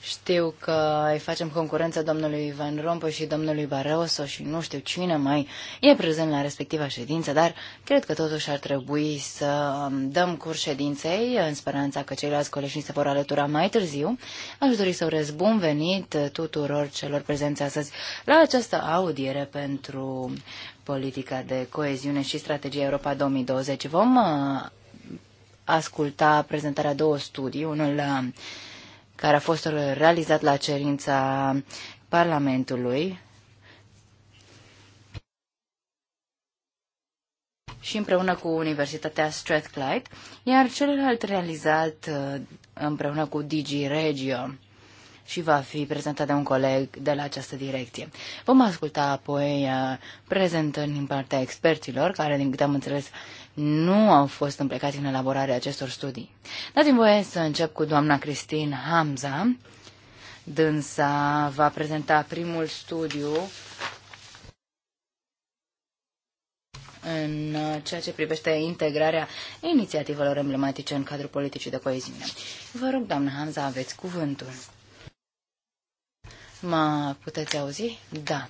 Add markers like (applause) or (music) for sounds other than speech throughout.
Știu că îi facem concurență domnului Van Rompuy și domnului Barroso și nu știu cine mai e prezent la respectiva ședință, dar cred că totuși ar trebui să um, dăm curs ședinței în speranța că ceilalți colegi se vor alătura mai târziu. Aș dori să urez bun venit tuturor celor prezenți astăzi la această audiere pentru politica de coeziune și strategia Europa 2020. Vom uh, asculta prezentarea două studii, unul uh, care a fost realizat la cerința Parlamentului și împreună cu Universitatea Strathclyde, iar celălalt realizat uh, împreună cu Digi Regio și va fi prezentat de un coleg de la această direcție. Vom asculta apoi uh, prezentări din partea experților, care, din câte am înțeles, nu au fost împlecați în elaborarea acestor studii. Dați-mi voie să încep cu doamna Cristin Hamza. Dânsa va prezenta primul studiu în ceea ce privește integrarea inițiativelor emblematice în cadrul politicii de coeziune. Vă rog, doamna Hamza, aveți cuvântul. Mă puteți auzi? Da.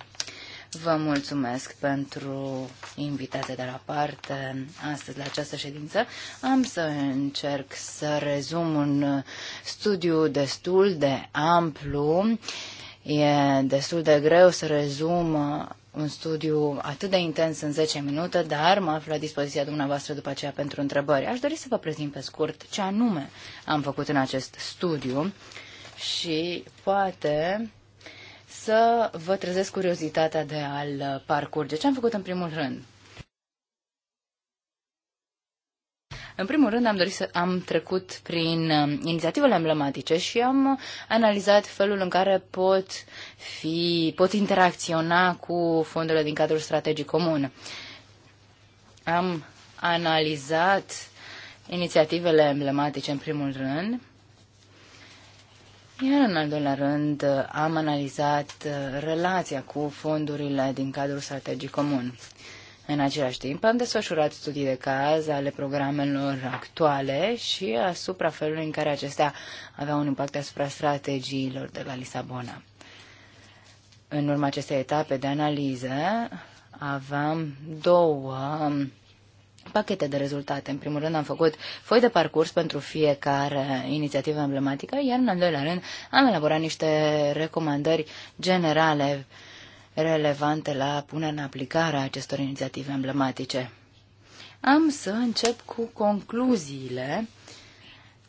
Vă mulțumesc pentru invitația de la parte astăzi la această ședință. Am să încerc să rezum un studiu destul de amplu. E destul de greu să rezum un studiu atât de intens în 10 minute, dar mă aflu la dispoziția dumneavoastră după aceea pentru întrebări. Aș dori să vă prezint pe scurt ce anume am făcut în acest studiu și poate să vă trezesc curiozitatea de a-l uh, parcurge. Ce am făcut în primul rând? În primul rând am dorit să am trecut prin um, inițiativele emblematice și am analizat felul în care pot fi pot interacționa cu fondurile din cadrul strategic comun. Am analizat inițiativele emblematice în primul rând iar în al doilea rând am analizat uh, relația cu fondurile din cadrul strategic comun. În același timp am desfășurat studii de caz ale programelor actuale și asupra felului în care acestea aveau un impact asupra strategiilor de la Lisabona. În urma acestei etape de analiză aveam două um, pachete de rezultate. În primul rând am făcut foi de parcurs pentru fiecare inițiativă emblematică, iar în al doilea rând am elaborat niște recomandări generale relevante la punerea în aplicare a acestor inițiative emblematice. Am să încep cu concluziile,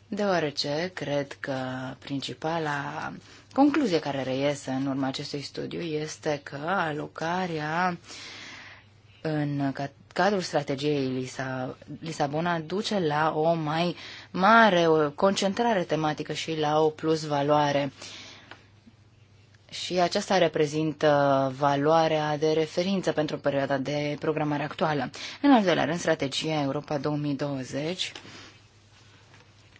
deoarece cred că principala concluzie care reiese în urma acestui studiu este că alocarea în cadrul strategiei Lisabona duce la o mai mare o concentrare tematică și la o plus valoare. Și aceasta reprezintă valoarea de referință pentru perioada de programare actuală. În al doilea rând, strategia Europa 2020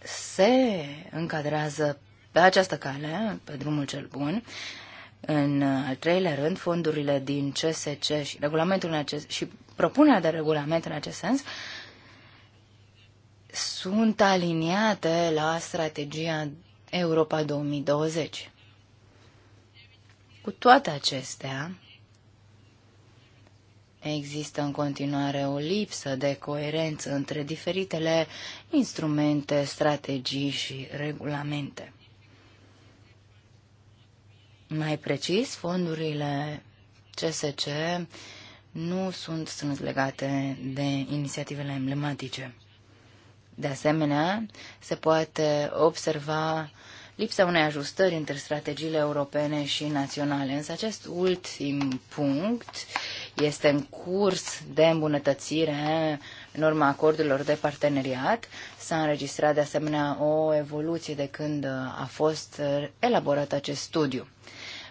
se încadrează pe această cale, pe drumul cel bun, în al treilea rând, fondurile din CSC și regulamentul în acest, și propunerea de regulament în acest sens sunt aliniate la strategia Europa 2020. Cu toate acestea, există în continuare o lipsă de coerență între diferitele instrumente, strategii și regulamente. Mai precis, fondurile CSC nu sunt strâns legate de inițiativele emblematice. De asemenea, se poate observa lipsa unei ajustări între strategiile europene și naționale. Însă acest ultim punct este în curs de îmbunătățire în urma acordurilor de parteneriat. S-a înregistrat de asemenea o evoluție de când a fost elaborat acest studiu.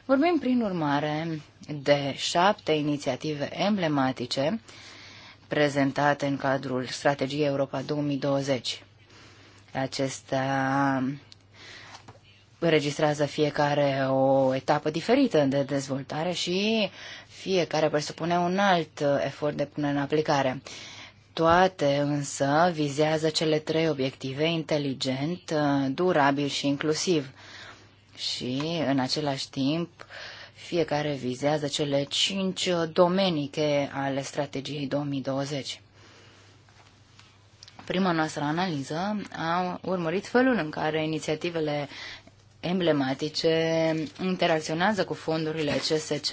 Vorbim, prin urmare, de șapte inițiative emblematice prezentate în cadrul strategiei Europa 2020. Acestea registrează fiecare o etapă diferită de dezvoltare și fiecare presupune un alt efort de punere în aplicare. Toate însă vizează cele trei obiective, inteligent, durabil și inclusiv și, în același timp, fiecare vizează cele cinci domenii ale strategiei 2020. Prima noastră analiză a urmărit felul în care inițiativele emblematice interacționează cu fondurile CSC.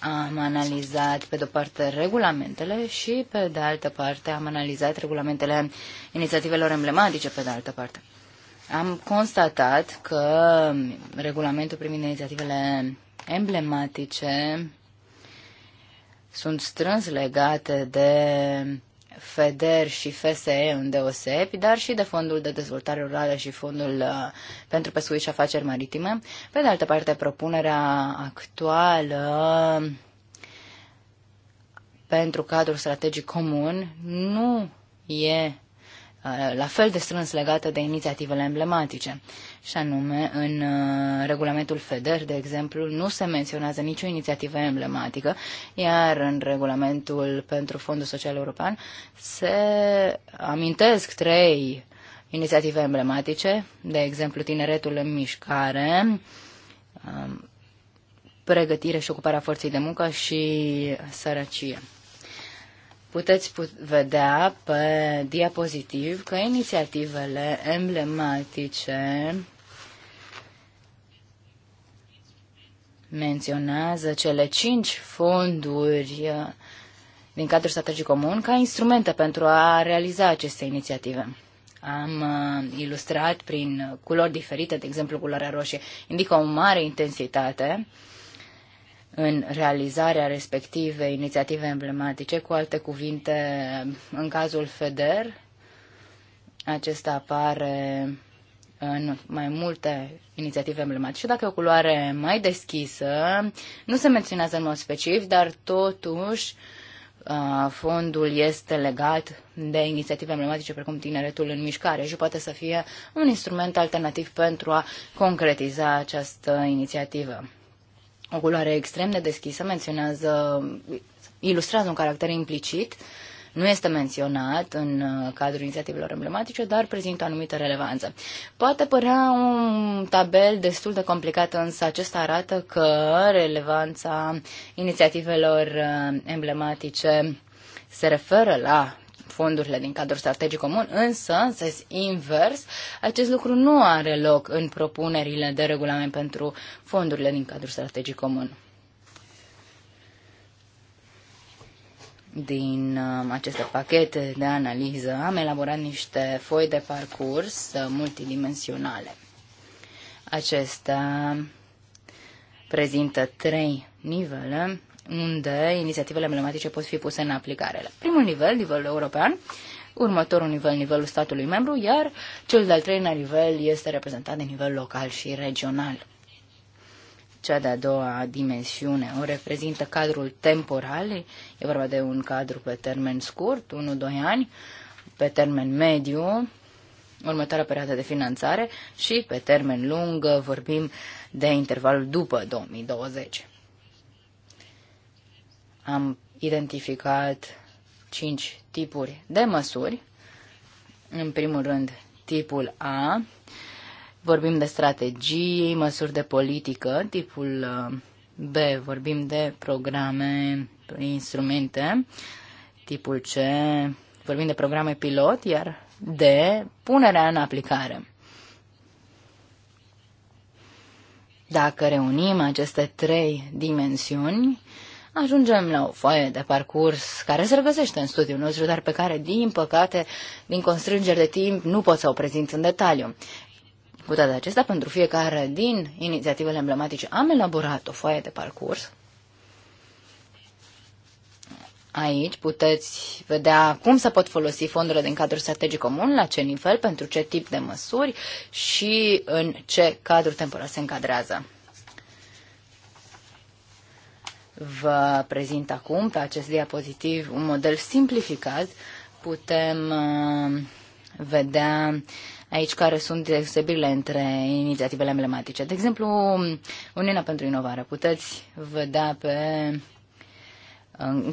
Am analizat, pe de-o parte, regulamentele și, pe de altă parte, am analizat regulamentele inițiativelor emblematice, pe de altă parte am constatat că regulamentul privind inițiativele emblematice sunt strâns legate de FEDER și FSE îndeosebi, dar și de Fondul de Dezvoltare Rurală și Fondul uh, pentru Pescuit și Afaceri Maritime. Pe de altă parte, propunerea actuală pentru cadrul strategic comun nu e Uh, la fel de strâns legată de inițiativele emblematice. Și anume, în uh, regulamentul FEDER, de exemplu, nu se menționează nicio inițiativă emblematică, iar în regulamentul pentru Fondul Social European se amintesc trei inițiative emblematice, de exemplu, Tineretul în Mișcare, um, pregătire și ocuparea forței de muncă și sărăcie puteți vedea pe diapozitiv că inițiativele emblematice menționează cele cinci fonduri uh, din cadrul strategic comun ca instrumente pentru a realiza aceste inițiative. Am uh, ilustrat prin culori diferite, de exemplu culoarea roșie indică o mare intensitate, în realizarea respectivei inițiative emblematice. Cu alte cuvinte, în cazul FEDER, acesta apare în mai multe inițiative emblematice. Dacă e o culoare mai deschisă, nu se menționează în mod specific, dar totuși fondul este legat de inițiative emblematice precum Tineretul în Mișcare și poate să fie un instrument alternativ pentru a concretiza această inițiativă o culoare extrem de deschisă, menționează, ilustrează un caracter implicit, nu este menționat în uh, cadrul inițiativelor emblematice, dar prezintă o anumită relevanță. Poate părea un tabel destul de complicat, însă acesta arată că relevanța inițiativelor uh, emblematice se referă la fondurile din cadrul strategic comun, însă, în sens invers, acest lucru nu are loc în propunerile de regulament pentru fondurile din cadrul strategic comun. din um, aceste pachete de analiză, am elaborat niște foi de parcurs uh, multidimensionale. Acestea prezintă trei nivele unde inițiativele emblematice pot fi puse în aplicare. La primul nivel, nivelul european, următorul nivel, nivelul statului membru, iar cel de-al treilea nivel este reprezentat de nivel local și regional. Cea de-a doua dimensiune o reprezintă cadrul temporal, e vorba de un cadru pe termen scurt, 1-2 ani, pe termen mediu, următoarea perioadă de finanțare și pe termen lung vorbim de intervalul după 2020. Am identificat cinci tipuri de măsuri. În primul rând, tipul A. Vorbim de strategii, măsuri de politică. Tipul uh, B. Vorbim de programe, instrumente. Tipul C. Vorbim de programe pilot, iar D. Punerea în aplicare. Dacă reunim aceste trei dimensiuni, ajungem la o foaie de parcurs care se regăsește în studiul nostru, dar pe care, din păcate, din constrângeri de timp, nu pot să o prezint în detaliu. Cu toate acestea, pentru fiecare din inițiativele emblematice am elaborat o foaie de parcurs. Aici puteți vedea cum se pot folosi fondurile din cadrul strategic comun, la ce nivel, pentru ce tip de măsuri și în ce cadru temporal se încadrează. Vă prezint acum pe acest diapozitiv un model simplificat. Putem uh, vedea aici care sunt deosebirile între inițiativele emblematice. De exemplu, Uniunea pentru Inovare. Puteți vedea pe,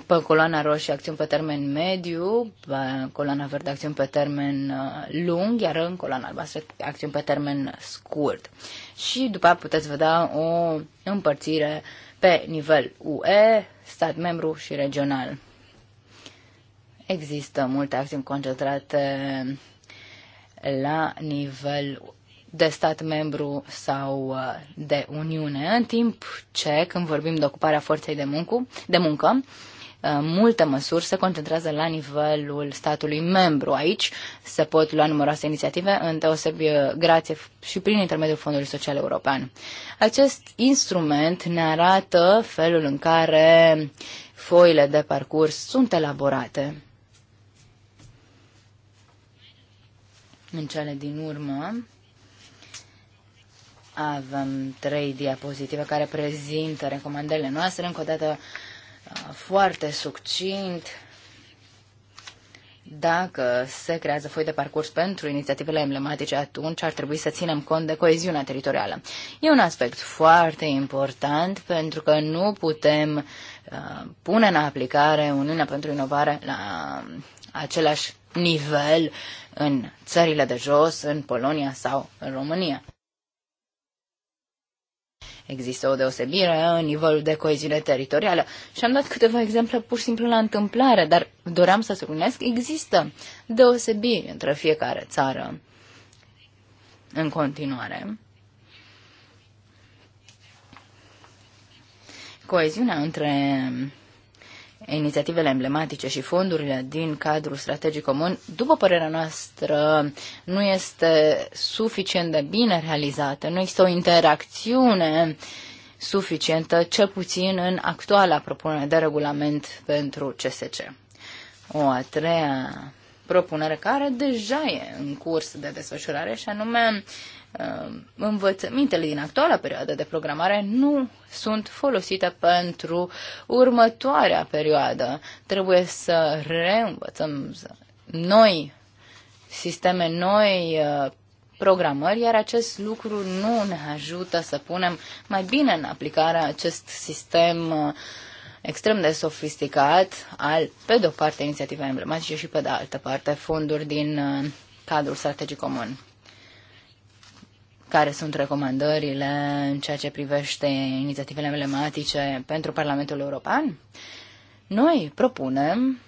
pe coloana roșie acțiuni pe termen mediu, pe coloana verde acțiuni pe termen uh, lung, iar în coloana albastră acțiuni pe termen scurt. Și după aceea puteți vedea o împărțire uh, pe nivel UE, stat membru și regional. Există multe acțiuni concentrate la nivel de stat membru sau uh, de Uniune, în timp ce, când vorbim de ocuparea forței de, muncu, de muncă, Uh, multe măsuri se concentrează la nivelul statului membru. Aici se pot lua numeroase inițiative, deosebi uh, grație și prin intermediul Fondului Social European. Acest instrument ne arată felul în care foile de parcurs sunt elaborate. În cele din urmă, avem trei diapozitive care prezintă recomandările noastre. Încă o dată Ah, foarte succint dacă se creează foi de parcurs pentru inițiativele emblematice, atunci ar trebui să ținem cont de coeziunea teritorială. E un aspect foarte important pentru că nu putem uh, pune în aplicare Uniunea pentru Inovare la același nivel în țările de jos, în Polonia sau în România. Există o deosebire în nivelul de coeziune teritorială și am dat câteva exemple pur și simplu la întâmplare, dar doream să subliniez că există deosebiri între fiecare țară în continuare. Coeziunea între inițiativele emblematice și fondurile din cadrul strategic comun, după părerea noastră, nu este suficient de bine realizată, nu există o interacțiune suficientă, cel puțin în actuala propunere de regulament pentru CSC. O a treia propunere care deja e în curs de desfășurare și anume Ehm, învățămintele din actuala perioadă de programare nu sunt folosite pentru următoarea perioadă. Trebuie să reînvățăm noi sisteme, noi eh, programări, iar acest lucru nu ne ajută să punem mai bine în aplicare acest sistem eh, extrem de sofisticat al, pe de o parte, inițiative emblematice și pe de altă parte, fonduri din eh, cadrul strategic comun care sunt recomandările în ceea ce privește inițiativele emblematice pentru Parlamentul European. Noi propunem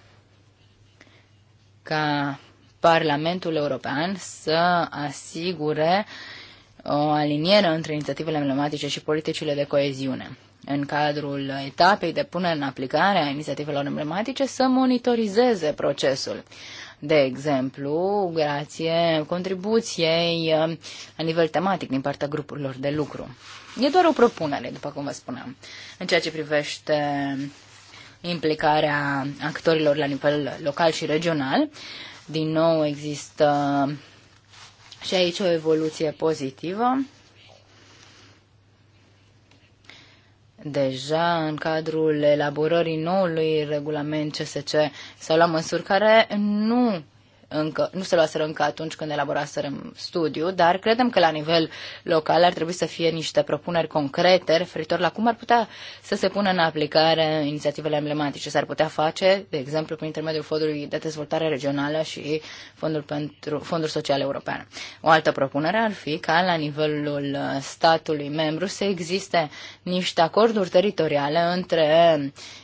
ca Parlamentul European să asigure o aliniere între inițiativele emblematice și politicile de coeziune. În cadrul etapei de punere în aplicare a inițiativelor emblematice să monitorizeze procesul de exemplu, grație contribuției uh, la nivel tematic din partea grupurilor de lucru. E doar o propunere, după cum vă spuneam, în ceea ce privește implicarea actorilor la nivel local și regional. Din nou există și aici o evoluție pozitivă. Deja în cadrul elaborării noului regulament CSC s-au luat măsuri care nu încă, nu se luaseră încă atunci când elaboraserăm studiu, dar credem că la nivel local ar trebui să fie niște propuneri concrete referitor la cum ar putea să se pună în aplicare inițiativele emblematice. S-ar putea face, de exemplu, prin intermediul Fondului de Dezvoltare Regională și Fondul, pentru, Fondul Social European. O altă propunere ar fi ca la nivelul statului membru să existe niște acorduri teritoriale între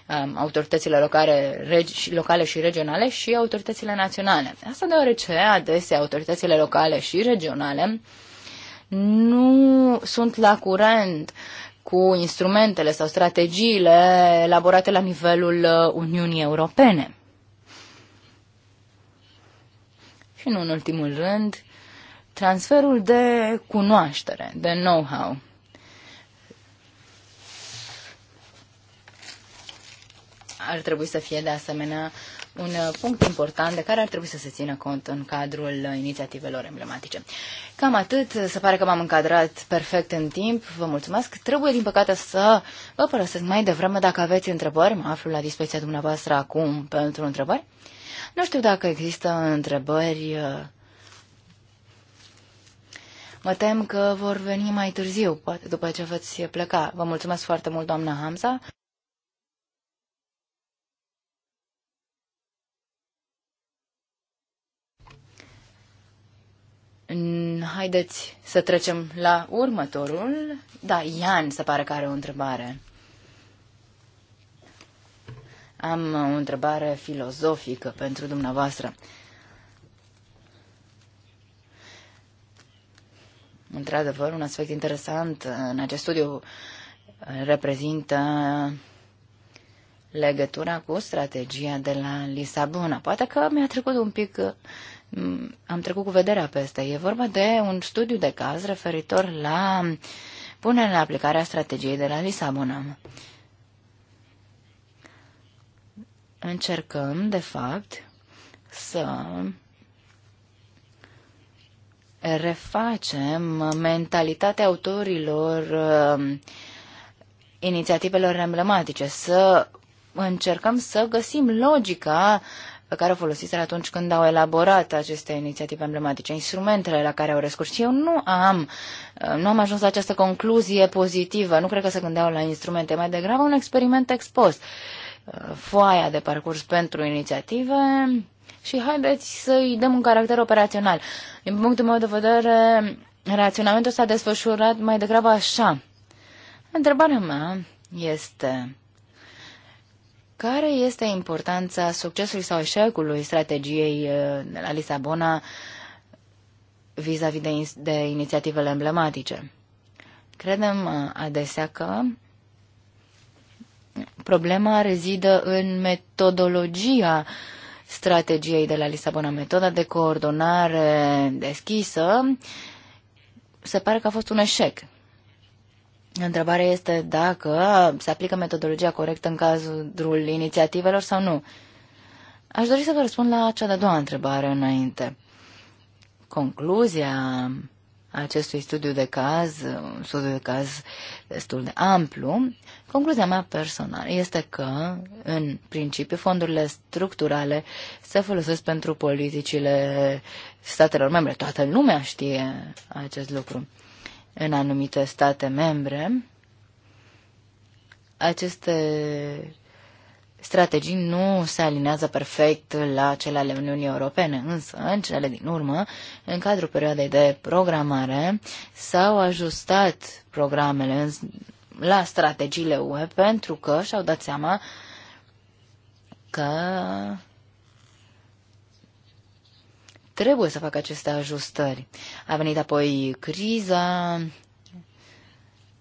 um, autoritățile locale, regi, locale și regionale și autoritățile naționale. Asta deoarece adesea autoritățile locale și regionale nu sunt la curent cu instrumentele sau strategiile elaborate la nivelul uh, Uniunii Europene. Și nu în ultimul rând, transferul de cunoaștere, de know-how. Ar trebui să fie de asemenea un uh, punct important de care ar trebui să se țină cont în cadrul uh, inițiativelor emblematice. Cam atât, uh, se pare că m-am încadrat perfect în timp, vă mulțumesc. Trebuie, din păcate, să vă părăsesc mai devreme dacă aveți întrebări, mă aflu la dispoziția dumneavoastră acum pentru întrebări. Nu știu dacă există întrebări Mă tem că vor veni mai târziu, poate după ce veți pleca. Vă mulțumesc foarte mult, doamna Hamza. Haideți să trecem la următorul. Da, Ian se pare că are o întrebare. Am o întrebare filozofică pentru dumneavoastră. Într-adevăr, un aspect interesant în acest studiu reprezintă legătura cu strategia de la Lisabona. Poate că mi-a trecut un pic Mm, am trecut cu vederea peste. E vorba de un studiu de caz referitor la punerea în aplicare a strategiei de la Lisabona. Încercăm, de fapt, să refacem mentalitatea autorilor um, inițiativelor emblematice, să încercăm să găsim logica pe care o folosiseră atunci când au elaborat aceste inițiative emblematice, instrumentele la care au recurs. Și eu nu am, nu am ajuns la această concluzie pozitivă. Nu cred că se gândeau la instrumente, mai degrabă un experiment expost. Foaia de parcurs pentru inițiative și haideți să-i dăm un caracter operațional. Din punctul meu de vedere, raționamentul s-a desfășurat mai degrabă așa. Întrebarea mea este care este importanța succesului sau eșecului strategiei uh, de la Lisabona vis-a-vis -vis de, in- de inițiativele emblematice? Credem uh, adesea că problema rezidă în metodologia strategiei de la Lisabona, metoda de coordonare deschisă, se pare că a fost un eșec. Întrebarea este dacă se aplică metodologia corectă în cazul inițiativelor sau nu. Aș dori să vă răspund la cea de-a doua întrebare înainte. Concluzia acestui studiu de caz, un studiu de caz destul de amplu, concluzia mea personală este că, în principiu, fondurile structurale se folosesc pentru politicile statelor membre. Toată lumea știe acest lucru în anumite state membre, aceste strategii nu se alinează perfect la cele ale Uniunii Europene, însă, în cele din urmă, în cadrul perioadei de programare, s-au ajustat programele la strategiile UE pentru că și-au dat seama că trebuie să facă aceste ajustări. A venit apoi criza,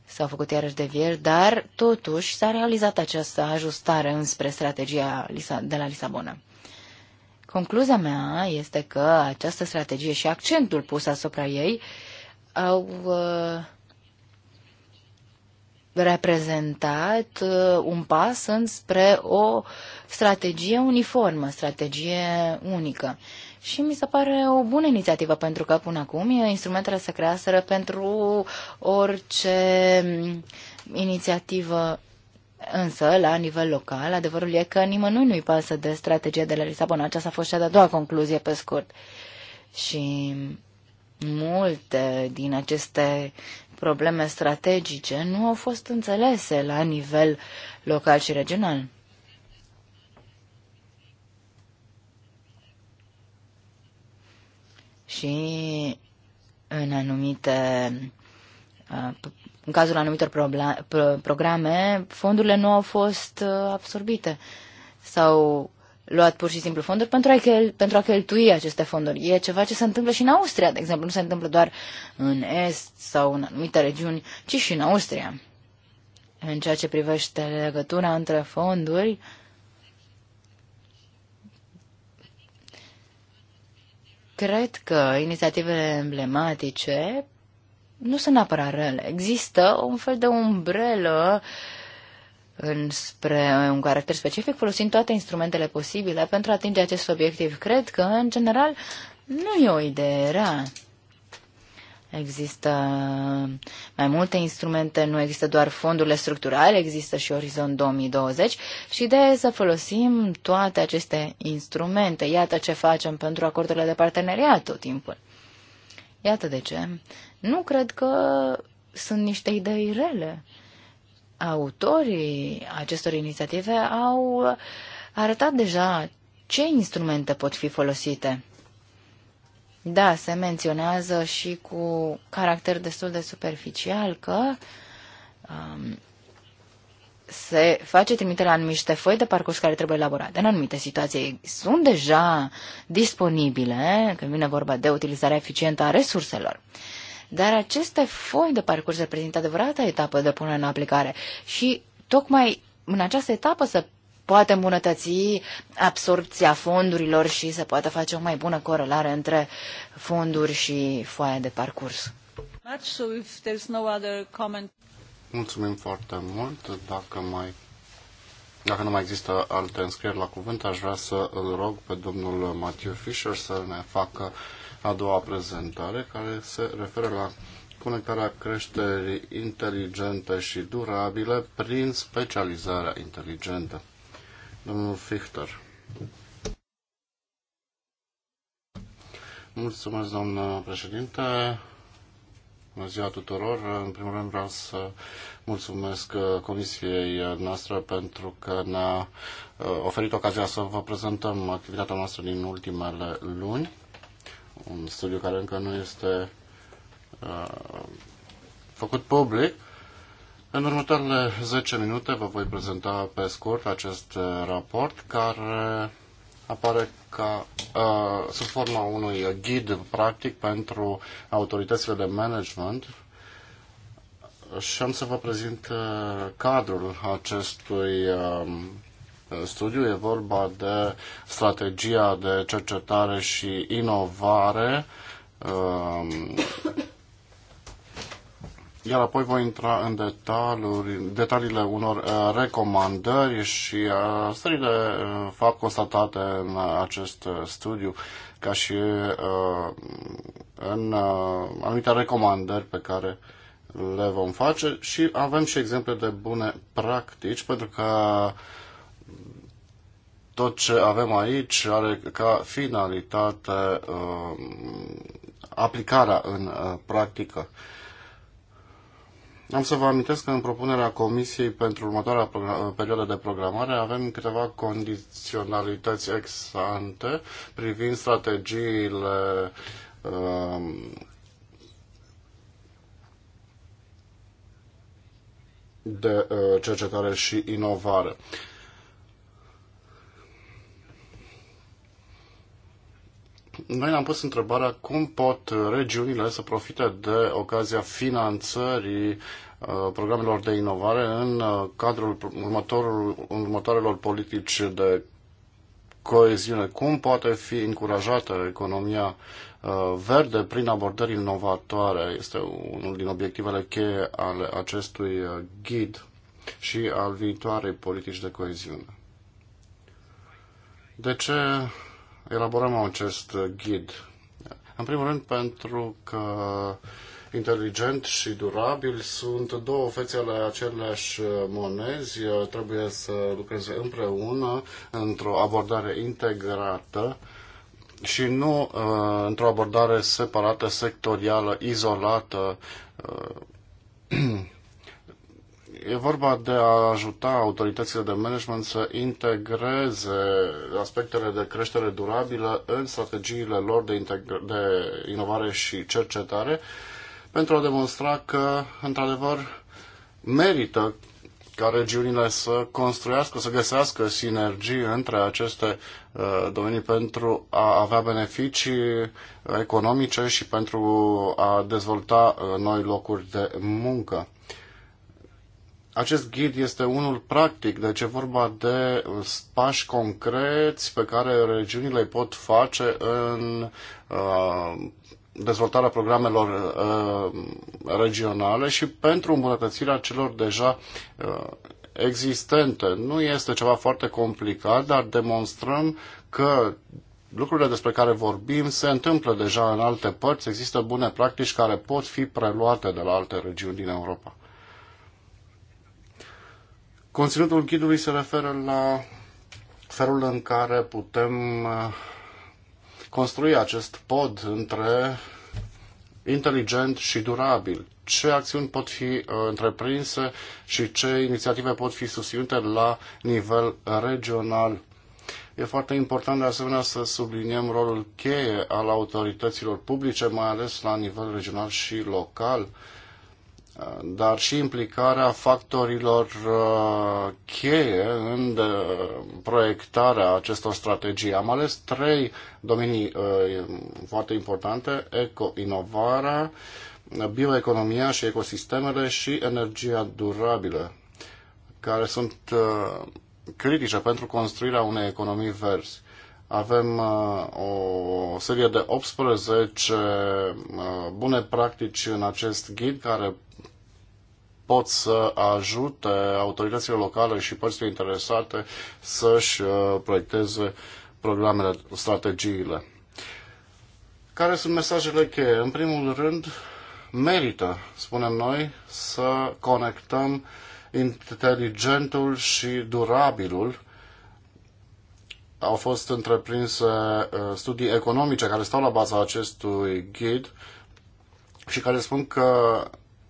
s-au făcut iarăși vieri, dar totuși s-a realizat această ajustare înspre strategia de la Lisabona. Concluzia mea este că această strategie și accentul pus asupra ei au uh, reprezentat uh, un pas înspre o strategie uniformă, strategie unică. Uh, și mi se pare o bună inițiativă, pentru că până acum instrumentele se creaseră pentru orice mm, inițiativă Însă, la nivel local, adevărul e că nimănui nu-i pasă de strategia de la Lisabona. Aceasta a fost cea de-a doua concluzie, pe scurt. Și multe din aceste probleme strategice nu au fost înțelese la nivel local și regional. și în anumite uh, în cazul anumitor programe, fondurile nu au fost uh, absorbite sau luat pur și simplu fonduri pentru a, chel, pentru a cheltui aceste fonduri. E ceva ce se întâmplă și în Austria, de exemplu. Nu se întâmplă doar în Est sau în anumite regiuni, ci și în Austria. În ceea ce privește legătura între fonduri, uh, Cred că inițiativele emblematice nu sunt neapărat rele. Există un fel de umbrelă înspre un caracter specific, folosind toate instrumentele posibile pentru a atinge acest obiectiv. Cred că, în general, nu e o idee rea. Există mai multe instrumente, nu există doar fondurile structurale, există și Orizont 2020 și ideea e să folosim toate aceste instrumente. Iată ce facem pentru acordurile de parteneriat tot timpul. Iată de ce. Nu cred că sunt niște idei rele. Autorii acestor inițiative au arătat deja ce instrumente pot fi folosite. Da, se menționează și cu caracter destul de superficial că um, se face trimitere la anumite foi de parcurs care trebuie elaborate. În anumite situații sunt deja disponibile, când vine vorba de utilizarea eficientă a resurselor. Dar aceste foi de parcurs reprezintă adevărata etapă de punere în aplicare și tocmai în această etapă se poate îmbunătăți absorpția fondurilor și se poate face o mai bună corelare între fonduri și foaia de parcurs. Mulțumim foarte mult. Dacă, mai, dacă nu mai există alte înscrieri la cuvânt, aș vrea să îl rog pe domnul Matthew Fisher să ne facă a doua prezentare care se referă la conectarea creșterii inteligente și durabile prin specializarea inteligentă. Domnul Fichter. Mulțumesc, doamnă președinte. Bună ziua tuturor! În primul rând vreau să mulțumesc uh, Comisiei noastre pentru că ne-a uh, oferit ocazia să vă prezentăm activitatea noastră din ultimele luni, un studiu care încă nu este uh, făcut public, în următoarele 10 minute vă voi prezenta pe scurt acest uh, raport care apare ca uh, sub forma unui ghid practic pentru autoritățile de management și am să vă prezint uh, cadrul acestui uh, studiu. E vorba de strategia de cercetare și inovare uh, iar apoi voi intra în detaliuri, detaliile unor uh, recomandări și uh, stări de uh, fapt constatate în acest studiu, ca și în anumite recomandări pe care le vom face și avem și exemple de bune practici, pentru că tot ce avem aici are ca finalitate aplicarea în practică. Am să vă amintesc că în propunerea Comisiei pentru următoarea perioadă de programare avem câteva condiționalități ex ante privind strategiile um, de uh, cercetare și inovare. Noi ne-am pus întrebarea cum pot regiunile să profite de ocazia finanțării uh, programelor de inovare în uh, cadrul următoarelor politici de coeziune. Cum poate fi încurajată economia uh, verde prin abordări inovatoare? Este unul din obiectivele cheie ale acestui ghid și al viitoarei politici de coeziune. De ce elaborăm acest ghid? În primul rând pentru că inteligent și durabil sunt două fețe ale aceleași monezi, trebuie să lucreze împreună într-o abordare integrată și nu uh, într-o abordare separată, sectorială, izolată, uh, (clears throat) E vorba de a ajuta autoritățile de management să integreze aspectele de creștere durabilă în strategiile lor de, de inovare și cercetare pentru a demonstra că, într-adevăr, merită ca regiunile să construiască, să găsească sinergii între aceste uh, domenii pentru a avea beneficii economice și pentru a dezvolta uh, noi locuri de muncă. Acest ghid este unul practic, deci e vorba de pași concreți pe care regiunile îi pot face în uh, dezvoltarea programelor uh, regionale și pentru îmbunătățirea celor deja uh, existente. Nu este ceva foarte complicat, dar demonstrăm că lucrurile despre care vorbim se întâmplă deja în alte părți, există bune practici care pot fi preluate de la alte regiuni din Europa. Conținutul ghidului se referă la felul în care putem uh, construi acest pod între inteligent și durabil. Ce acțiuni pot fi uh, întreprinse și ce inițiative pot fi susținute la nivel regional. E foarte important de asemenea să subliniem rolul cheie al autorităților publice, mai ales la nivel regional și local dar și implicarea factorilor uh, cheie în uh, proiectarea acestor strategii. Am ales trei domenii uh, foarte importante, eco-inovarea, bioeconomia și ecosistemele și energia durabilă, care sunt critice pentru construirea unei economii verzi. Avem uh, o serie de 18 uh, bune practici în acest ghid care pot să ajute autoritățile locale și părțile interesate să-și uh, proiecteze programele, strategiile. Care sunt mesajele cheie? În primul rând, merită, spunem noi, să conectăm inteligentul și durabilul au fost întreprinse uh, studii economice care stau la baza acestui ghid și care spun că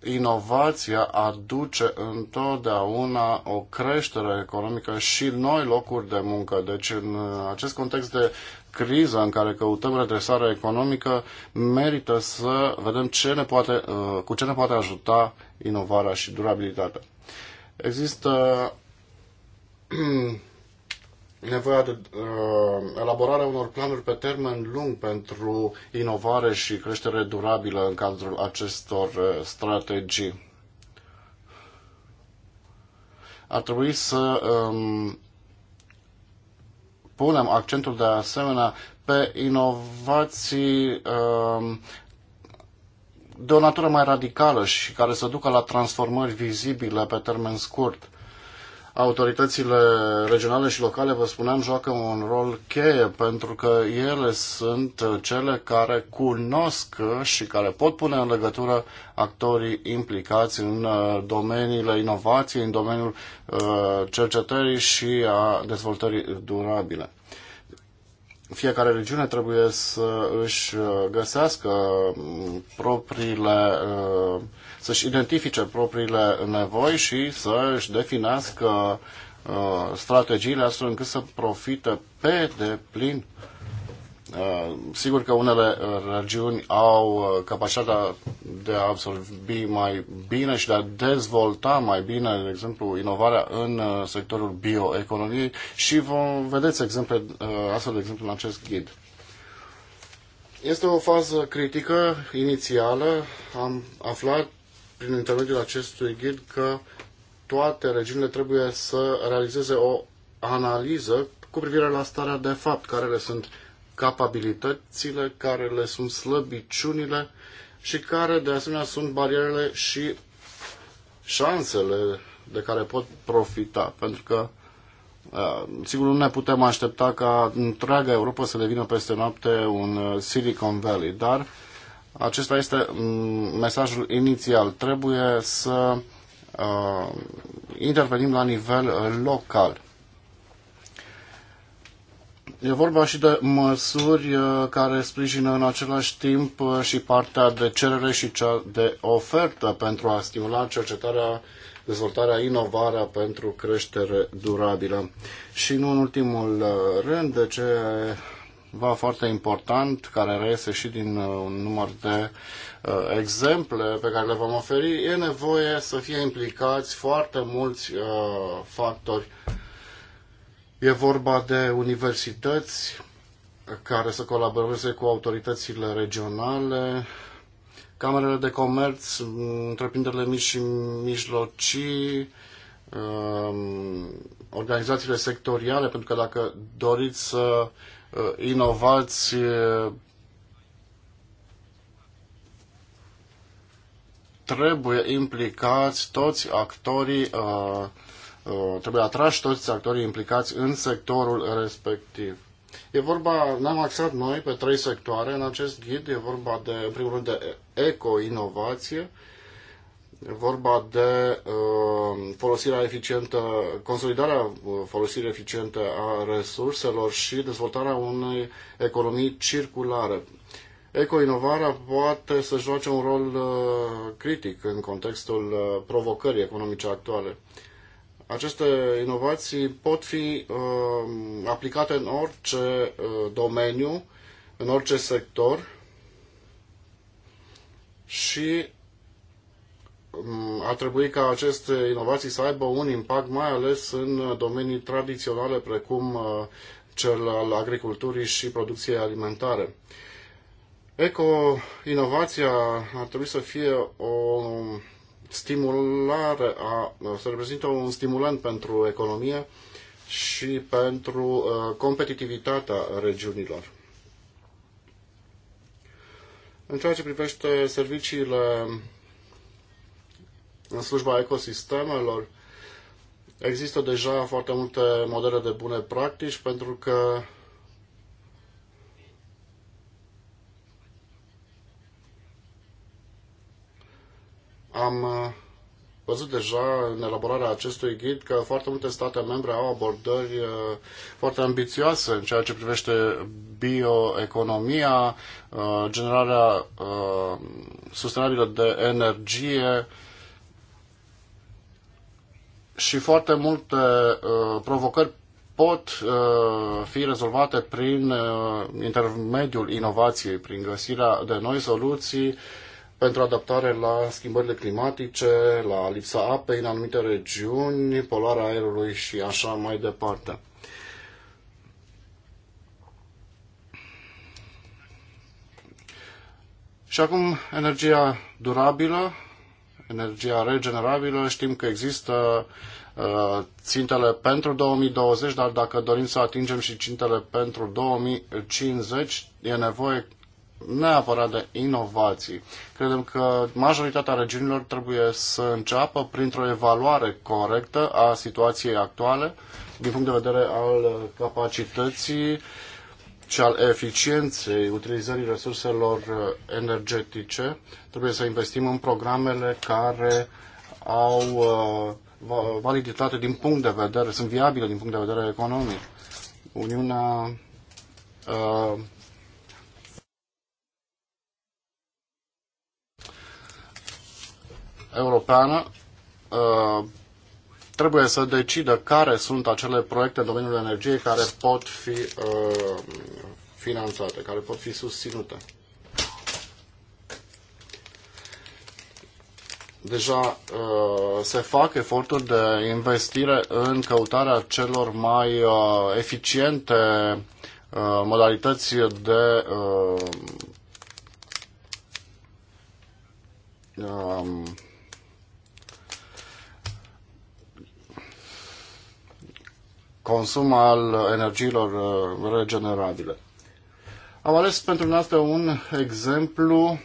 inovația aduce întotdeauna o creștere economică și noi locuri de muncă. Deci în acest context de criză în care căutăm redresarea economică, merită să vedem ce ne poate, uh, cu ce ne poate ajuta inovarea și durabilitatea. Există (clears throat) nevoia de uh, elaborarea unor planuri pe termen lung pentru inovare și creștere durabilă în cadrul acestor uh, strategii. Ar trebui să um, punem accentul de asemenea pe inovații um, de o natură mai radicală și care să ducă la transformări vizibile pe termen scurt autoritățile regionale și locale, vă spuneam, joacă un rol cheie pentru că ele sunt cele care cunosc și care pot pune în legătură actorii implicați în uh, domeniile inovației, în domeniul uh, cercetării și a dezvoltării durabile fiecare regiune trebuie să își uh, găsească mm, propriile, uh, să-și identifice propriile nevoi și să-și definească uh, strategiile astfel încât să profite pe deplin Uh, sigur că unele uh, regiuni au uh, capacitatea de a absorbi mai bine și de a dezvolta mai bine, de exemplu, inovarea în sectorul bioeconomiei și vom vedeți exemple, astfel de exemplu în acest ghid. Este o fază critică inițială. Am aflat prin intermediul acestui ghid că toate regiunile trebuie să realizeze o analiză cu privire la starea de fapt, care le sunt uh, capabilitățile, care le sunt slăbiciunile și care de asemenea sunt barierele și șansele de care pot profita. Pentru că sigur nu ne putem aștepta ca întreaga Europa să devină peste noapte un uh, Silicon Valley, dar acesta este mm, mesajul inițial. Trebuie să intervenim la nivel uh, local. E vorba și de măsuri uh, care sprijină în același timp uh, și partea de cerere și cea de ofertă pentru a stimula cercetarea, dezvoltarea, inovarea pentru creștere durabilă. Și nu în ultimul uh, rând, de ce va foarte important, care reiese și din un număr de uh, exemple pe care le vom oferi, e nevoie să fie implicați foarte mulți uh, factori E vorba de universități care să colaboreze cu autoritățile regionale, camerele de comerț, întreprinderile mici și mijlocii, um, organizațiile sectoriale, pentru că dacă doriți să uh, inovați trebuie implicați toți actorii uh, Uh, trebuie atrași toți actorii implicați în sectorul respectiv. E vorba, ne-am axat noi pe trei sectoare în acest ghid. E vorba de, în primul rând, de eco-inovație, e vorba de uh, folosirea eficientă, consolidarea uh, folosirii eficiente a resurselor și dezvoltarea unei economii circulare. Ecoinovarea poate să joace un rol uh, critic în contextul uh, provocării economice actuale. Uh, aceste inovații pot fi uh, aplicate în orice uh, domeniu, în orice sector și a um, ar trebui ca aceste inovații să aibă un impact mai ales în domenii tradiționale precum uh, cel al agriculturii și producției alimentare. Eco-inovația ar trebui să fie o stimulare a, se reprezintă un stimulant pentru economie și pentru uh, competitivitatea regiunilor. În ceea ce privește serviciile în slujba ecosistemelor, există deja foarte multe modele de bune practici pentru că Am uh, văzut deja în elaborarea acestui ghid că foarte multe state membre au abordări uh, foarte ambițioase în ceea ce privește bioeconomia, uh, generarea sustenabilă de energie și foarte multe provocări pot fi rezolvate prin intermediul inovației, prin găsirea de noi soluții pentru adaptare la schimbările climatice, la lipsa apei în anumite regiuni, poluarea aerului și așa mai departe. Și acum energia durabilă, energia regenerabilă. Știm că există uh, țintele pentru 2020, dar dacă dorim să atingem și țintele pentru 2050, e nevoie neapărat de inovații. Credem că majoritatea regiunilor trebuie să înceapă printr-o evaluare corectă a situației actuale din punct de vedere al capacității și al eficienței utilizării resurselor energetice. Trebuie să investim în programele care au uh, validitate din punct de vedere, sunt viabile din punct de vedere economic. Uniunea uh, Europeană uh, trebuie să decidă care sunt acele proiecte în domeniul energiei care pot fi uh, finanțate, care pot fi susținute. Deja uh, se fac eforturi de investire în căutarea celor mai uh, eficiente uh, modalități de uh, um, consum al energiilor uh, regenerabile. Am ales pentru noastră un exemplu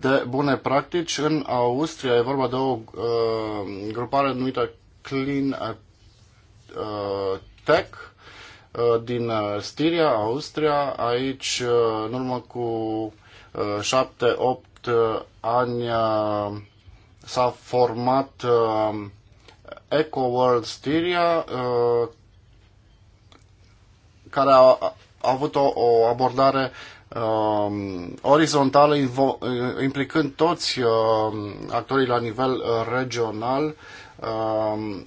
de bune practici. În Austria e vorba de o uh, grupare numită Clean uh, Tech uh, din uh, Stiria, Austria. Aici, uh, în urmă cu uh, 7-8 uh, ani, uh, s-a format uh, Eco World Styria, uh, care a, a avut o, o abordare um, uh, orizontală, implicând toți uh, actorii la nivel uh, regional. Uh,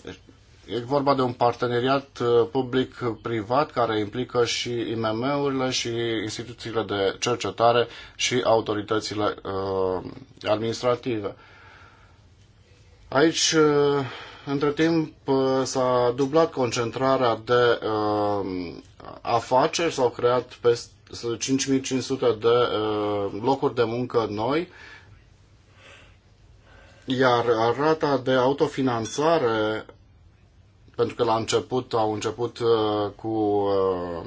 e vorba de un parteneriat uh, public-privat care implică și IMM-urile și instituțiile de cercetare și autoritățile uh, administrative. Aici uh, între timp uh, s-a dublat concentrarea de uh, afaceri, s-au creat peste 5500 de uh, locuri de muncă noi, iar rata de autofinanțare, pentru că la început au început uh, cu uh,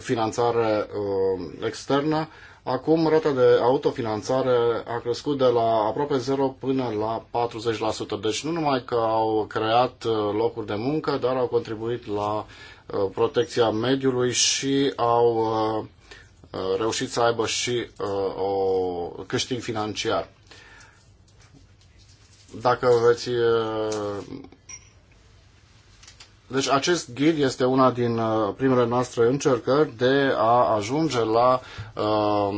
finanțare uh, externă, uh, Acum rata de autofinanțare a crescut de la aproape 0 până la 40%. Deci nu numai că au creat uh, locuri de muncă, dar au contribuit la uh, protecția mediului și au uh, reușit să aibă și o câștig financiar. Dacă veți deci acest ghid este una din uh, primele noastre încercări de a ajunge la uh,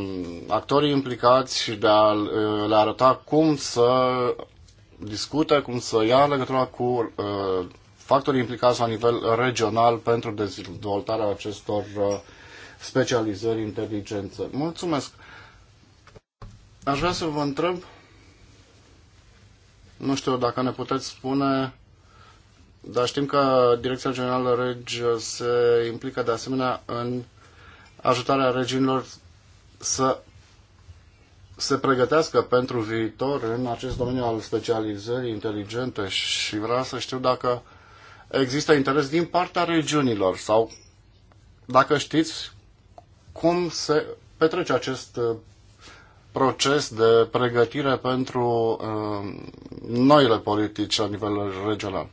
actorii implicați și de a uh, le arăta cum să discute, cum să ia legătura cu uh, factorii implicați la nivel regional pentru dezvoltarea acestor uh, specializări inteligență. Mulțumesc! Aș vrea să vă întreb, nu știu dacă ne puteți spune dar știm că Direcția Generală Regi se implică de asemenea în ajutarea regiunilor să se pregătească pentru viitor în acest domeniu al specializării inteligente și vreau să știu dacă există interes din partea regiunilor sau dacă știți cum se petrece acest uh, proces de pregătire pentru uh, noile politici la nivel regional.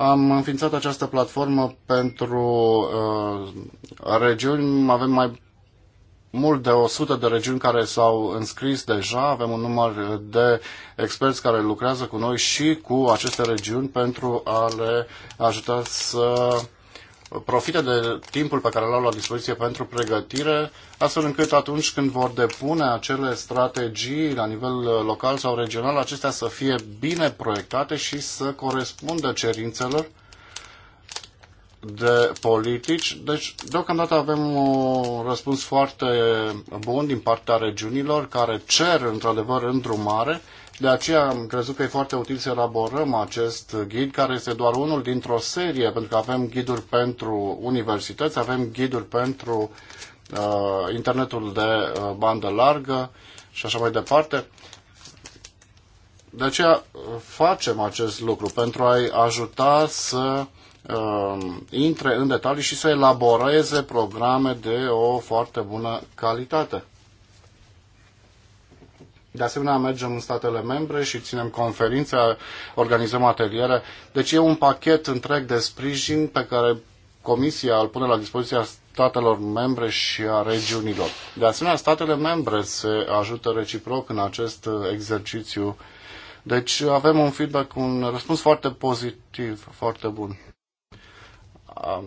Am înființat această platformă pentru uh, regiuni. Avem mai mult de 100 de regiuni care s-au înscris deja. Avem un număr de experți care lucrează cu noi și cu aceste regiuni pentru a le ajuta să profite de timpul pe care l-au la dispoziție pentru pregătire, astfel încât atunci când vor depune acele strategii la nivel local sau regional, acestea să fie bine proiectate și să corespundă cerințelor de politici. Deci, deocamdată avem un răspuns foarte bun din partea regiunilor care cer, într-adevăr, îndrumare de aceea am crezut că e foarte util să elaborăm acest ghid, care este doar unul dintr-o serie, pentru că avem ghiduri pentru universități, avem ghiduri pentru uh, internetul de uh, bandă largă și așa mai departe. De aceea uh, facem acest lucru pentru a-i ajuta să uh, intre în detalii și să elaboreze programe de o foarte bună calitate. De asemenea, mergem în statele membre și ținem conferințe, organizăm ateliere. Deci e un pachet întreg de sprijin pe care Comisia îl pune la dispoziția statelor membre și a regiunilor. De asemenea, statele membre se ajută reciproc în acest exercițiu. Deci avem un feedback, un răspuns foarte pozitiv, foarte bun. Am,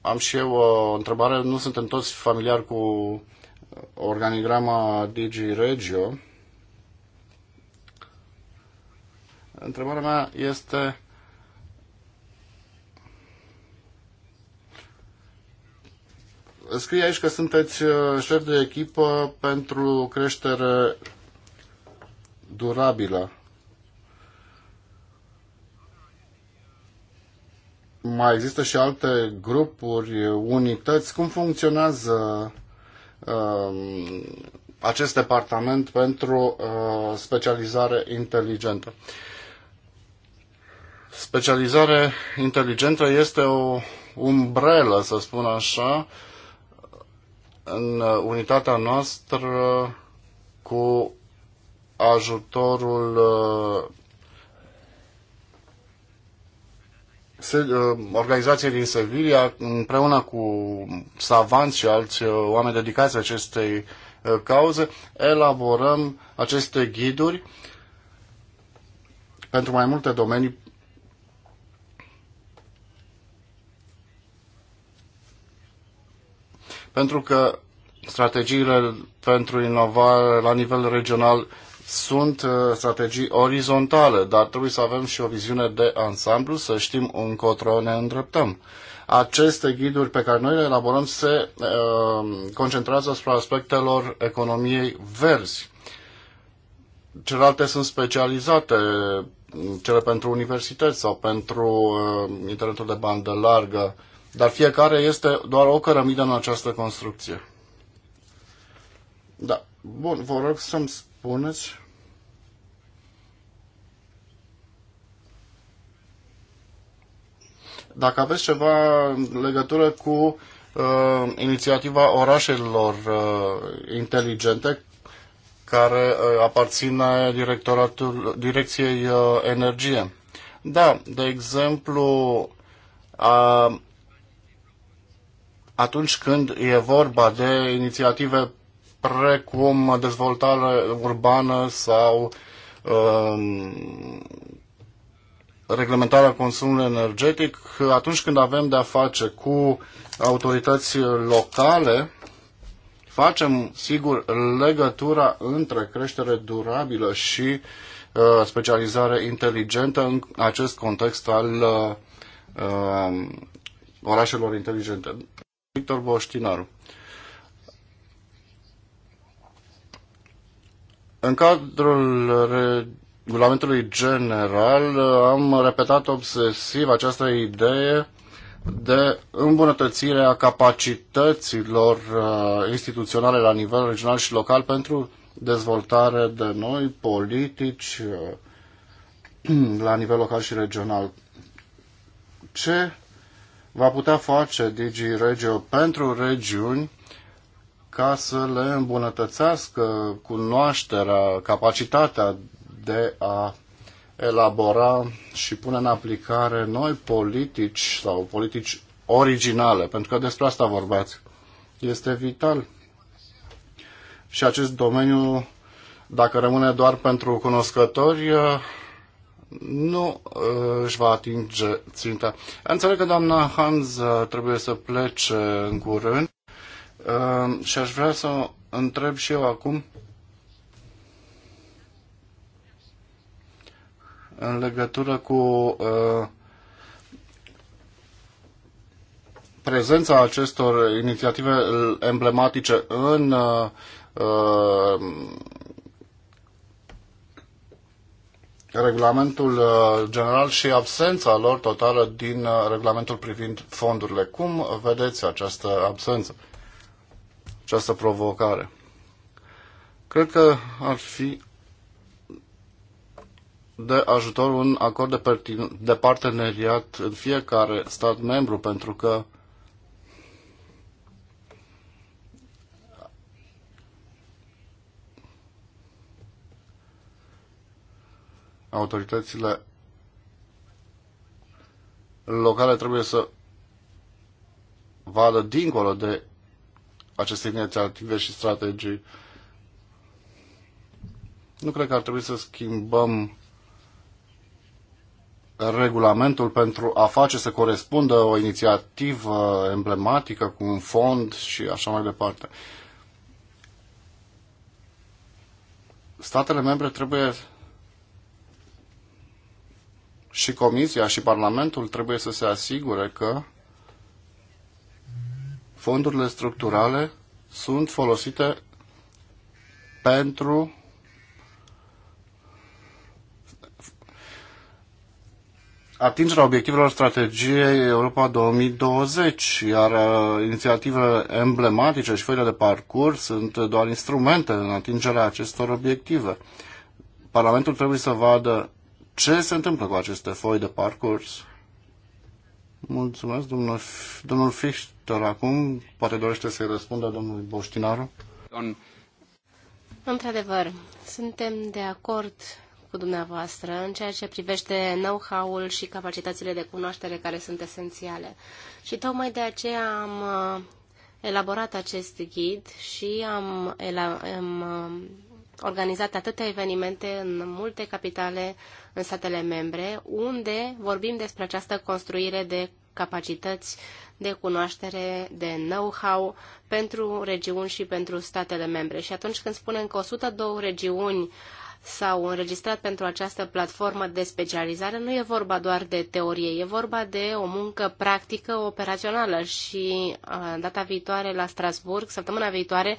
am și eu uh, o întrebare. Nu suntem toți familiari cu organigrama Digi Regio, întrebarea mea este scrie aici că sunteți uh, șef de echipă pentru creștere durabilă. Mai există și alte grupuri, unități. Cum funcționează Um, acest departament pentru uh, specializare inteligentă. Specializare inteligentă este o umbrelă, să spun așa, în unitatea noastră cu ajutorul uh, Uh, organizație din Sevilla, împreună cu savanți și alți uh, oameni dedicați acestei uh, cauze, elaborăm aceste ghiduri pentru mai multe domenii pentru că strategiile pentru inovare la nivel regional sunt uh, strategii orizontale, dar trebuie să avem și o viziune de ansamblu, să știm încotro ne îndreptăm. Aceste ghiduri pe care noi le elaborăm se uh, concentrează asupra aspectelor economiei verzi. Celelalte sunt specializate, cele pentru universități sau pentru uh, internetul de bandă largă, dar fiecare este doar o cărămidă în această construcție. Da. Bun, vă rog să-mi spuneți. Dacă aveți ceva în legătură cu uh, inițiativa orașelor uh, inteligente care uh, aparține directoratul, direcției uh, energie. Da, de exemplu, uh, atunci când e vorba de inițiative precum dezvoltare urbană sau um, reglementarea consumului energetic, atunci când avem de-a face cu autorități locale, facem, sigur, legătura între creștere durabilă și uh, specializare inteligentă în acest context al uh, um, orașelor inteligente. Victor Boștinaru. În cadrul regulamentului general am repetat obsesiv această idee de îmbunătățirea capacităților uh, instituționale la nivel regional și local pentru dezvoltare de noi politici uh, (clears throat) la nivel local și regional. Ce va putea face digi Regio pentru regiuni ca să le îmbunătățească cunoașterea, capacitatea de a elabora și pune în aplicare noi politici sau politici originale, pentru că despre asta vorbeați. Este vital. Și acest domeniu, dacă rămâne doar pentru cunoscători, nu uh, își va atinge ținta. Înțeleg că doamna Hans uh, trebuie să plece în curând. Ehm, și aș vrea să o întreb și eu acum în legătură cu uh, prezența acestor inițiative emblematice în uh, regulamentul general și absența lor totală din regulamentul privind fondurile. Cum vedeți această absență? această provocare. Cred că ar fi de ajutor un acord de, de parteneriat în fiecare stat membru, pentru că autoritățile locale trebuie să vadă dincolo de aceste inițiative și strategii. Nu cred că ar trebui să schimbăm regulamentul pentru a face să corespundă o inițiativă emblematică cu un fond și așa mai departe. Statele membre trebuie și Comisia și Parlamentul trebuie să se asigure că fondurile structurale sunt folosite pentru atingerea obiectivelor strategiei Europa 2020, iar uh, inițiativele emblematice și foile de parcurs sunt doar instrumente în atingerea acestor obiective. Parlamentul trebuie să vadă ce se întâmplă cu aceste foi de parcurs. Mulțumesc, domnul, domnul Fichter. Acum poate dorește să-i răspundă domnului Boștinaru. Don... Într-adevăr, suntem de acord cu dumneavoastră în ceea ce privește know-how-ul și capacitățile de cunoaștere care sunt esențiale. Și tocmai de aceea am uh, elaborat acest ghid și am, am uh, organizat atâtea evenimente în multe capitale în statele membre, unde vorbim despre această construire de capacități de cunoaștere, de know-how pentru regiuni și pentru statele membre. Și atunci când spunem că 102 regiuni s-au înregistrat pentru această platformă de specializare, nu e vorba doar de teorie, e vorba de o muncă practică operațională și uh, data viitoare la Strasburg, săptămâna viitoare,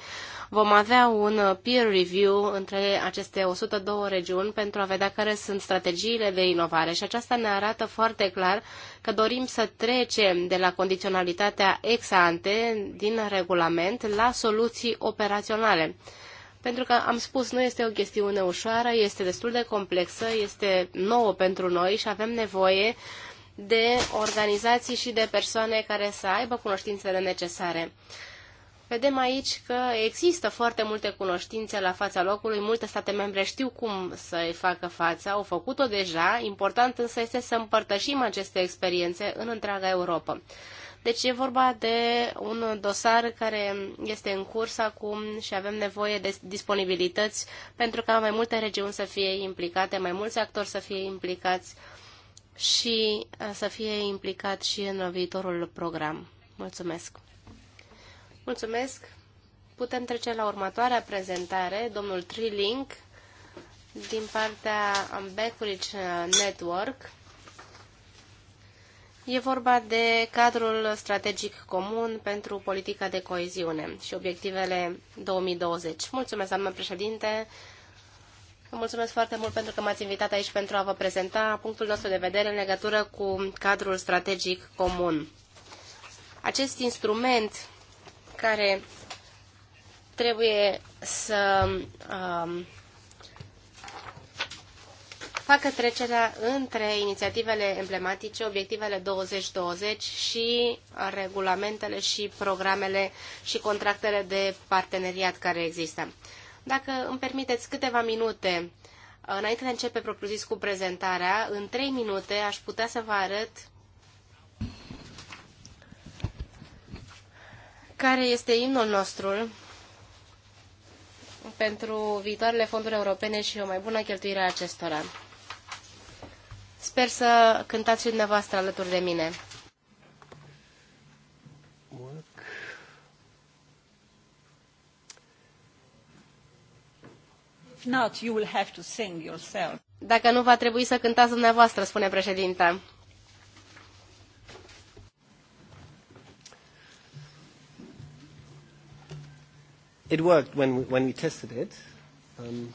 vom avea un peer review între aceste 102 regiuni pentru a vedea care sunt strategiile de inovare și aceasta ne arată foarte clar că dorim să trecem de la condiționalitatea ex ante din regulament la soluții operaționale. Pentru că, am spus, nu este o chestiune ușoară, este destul de complexă, este nouă pentru noi și avem nevoie de organizații și de persoane care să aibă cunoștințele necesare. Vedem aici că există foarte multe cunoștințe la fața locului, multe state membre știu cum să-i facă fața, au făcut-o deja, important însă este să împărtășim aceste experiențe în întreaga Europa. Deci e vorba de un dosar care este în curs acum și avem nevoie de disponibilități pentru ca mai multe regiuni să fie implicate, mai mulți actori să fie implicați și să fie implicat și în viitorul program. Mulțumesc! Mulțumesc! Putem trece la următoarea prezentare, domnul Trilink, din partea Backridge Network E vorba de cadrul strategic comun pentru politica de coeziune și obiectivele 2020. Mulțumesc, doamnă președinte. Vă mulțumesc foarte mult pentru că m-ați invitat aici pentru a vă prezenta punctul nostru de vedere în legătură cu cadrul strategic comun. Acest instrument care trebuie să uh, facă trecerea între inițiativele emblematice, obiectivele 2020 și regulamentele și programele și contractele de parteneriat care există. Dacă îmi permiteți câteva minute, înainte de a începe propriu-zis cu prezentarea, în trei minute aș putea să vă arăt care este imnul nostru pentru viitoarele fonduri europene și o mai bună cheltuire a acestora. Sper să cântați și dumneavoastră alături de mine. Not, you will have to sing yourself. Dacă nu, va trebui să cântați dumneavoastră, spune președinta. It worked when we, when we tested it. Um...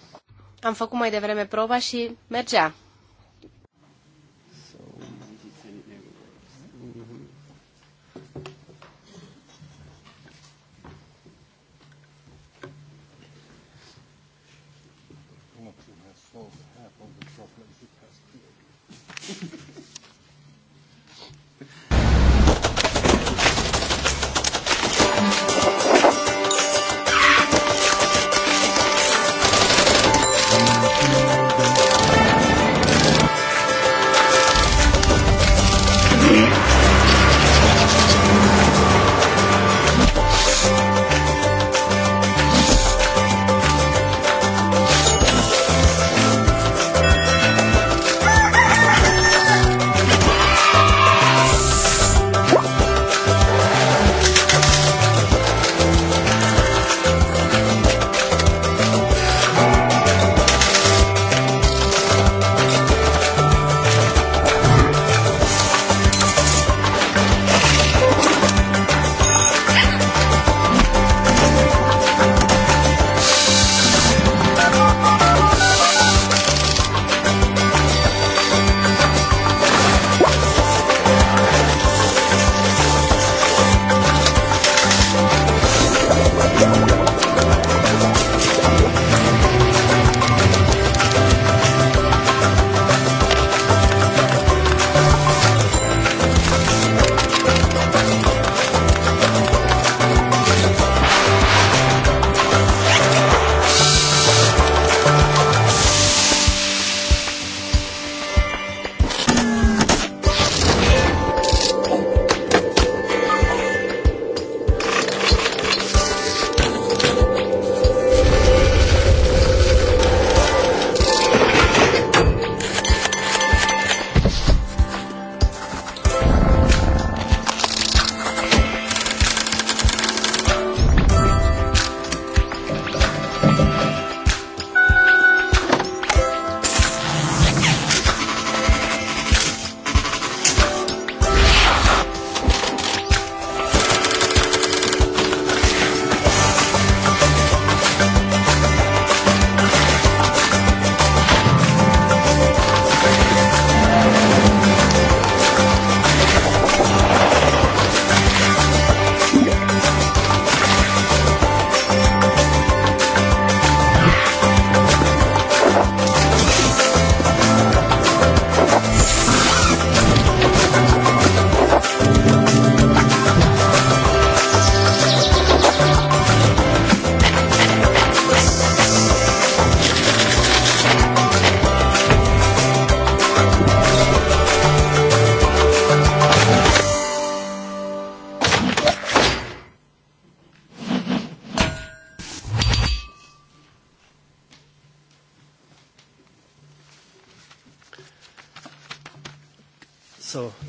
Am făcut mai devreme proba și mergea.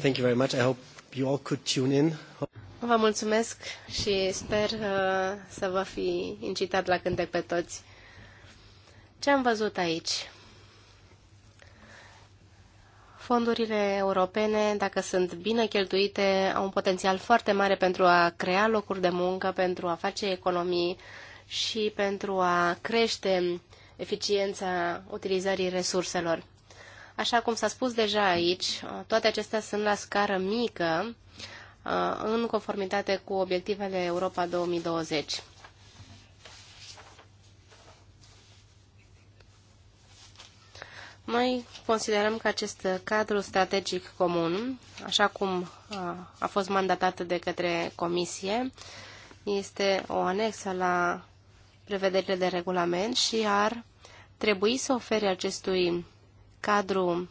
Thank you very much. I hope you all could tune in. Vă mulțumesc și sper uh, să vă fi incitat la cântec pe toți. Ce am văzut aici? Fondurile europene, dacă sunt bine cheltuite, au un potențial foarte mare pentru a crea locuri de muncă, pentru a face economii și pentru a crește eficiența utilizării resurselor. Așa cum s-a spus deja aici, toate acestea sunt la scară mică, uh, în conformitate cu obiectivele Europa 2020. Noi considerăm că acest cadru strategic comun, așa cum uh, a fost mandatat de către Comisie, este o anexă la prevederile de regulament și ar trebui să ofere acestui cadru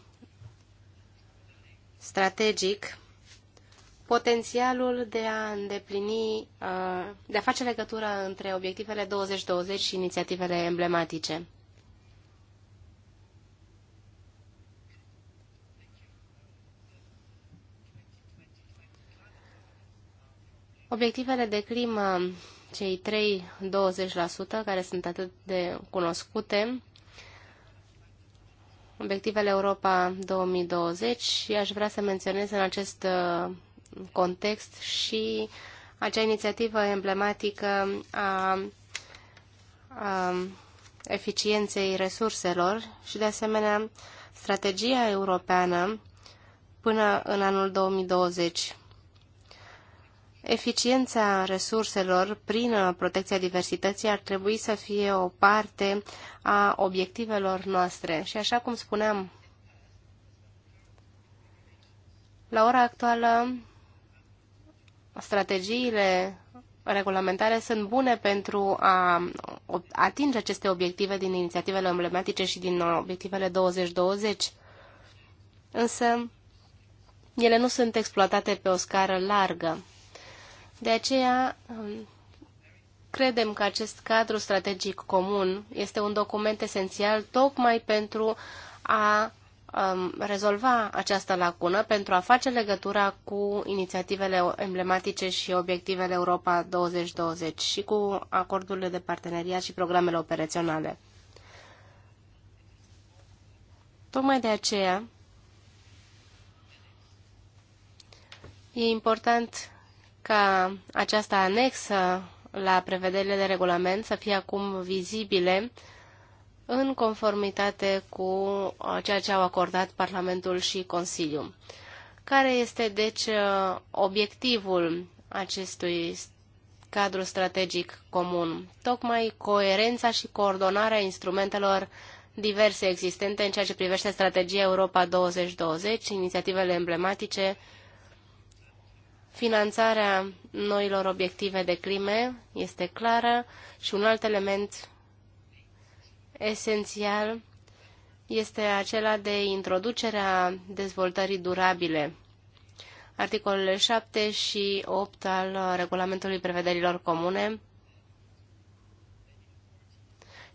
strategic potențialul de a îndeplini, uh, de a face legătură între obiectivele 2020 și inițiativele emblematice. Obiectivele de climă, cei 3-20%, care sunt atât de cunoscute, obiectivele Europa 2020 și aș vrea să menționez în acest uh, context și acea inițiativă emblematică a, a eficienței resurselor și, de asemenea, strategia europeană până în anul 2020. Eficiența resurselor prin uh, protecția diversității ar trebui să fie o parte a obiectivelor noastre. Și așa cum spuneam, la ora actuală, strategiile regulamentare sunt bune pentru a atinge aceste obiective din inițiativele emblematice și din uh, obiectivele 2020. Însă, ele nu sunt exploatate pe o scară largă. De aceea, um, credem că acest cadru strategic comun este un document esențial tocmai pentru a um, rezolva această lacună, pentru a face legătura cu inițiativele emblematice și obiectivele Europa 2020 și cu acordurile de parteneriat și programele operaționale. Tocmai de aceea e important ca această anexă la prevederile de regulament să fie acum vizibile în conformitate cu uh, ceea ce au acordat Parlamentul și Consiliul. Care este, deci, uh, obiectivul acestui cadru strategic comun? Tocmai coerența și coordonarea instrumentelor diverse existente în ceea ce privește strategia Europa 2020, inițiativele emblematice, Finanțarea noilor obiective de crime este clară și un alt element esențial este acela de introducerea dezvoltării durabile. Articolele 7 și 8 al Regulamentului Prevederilor Comune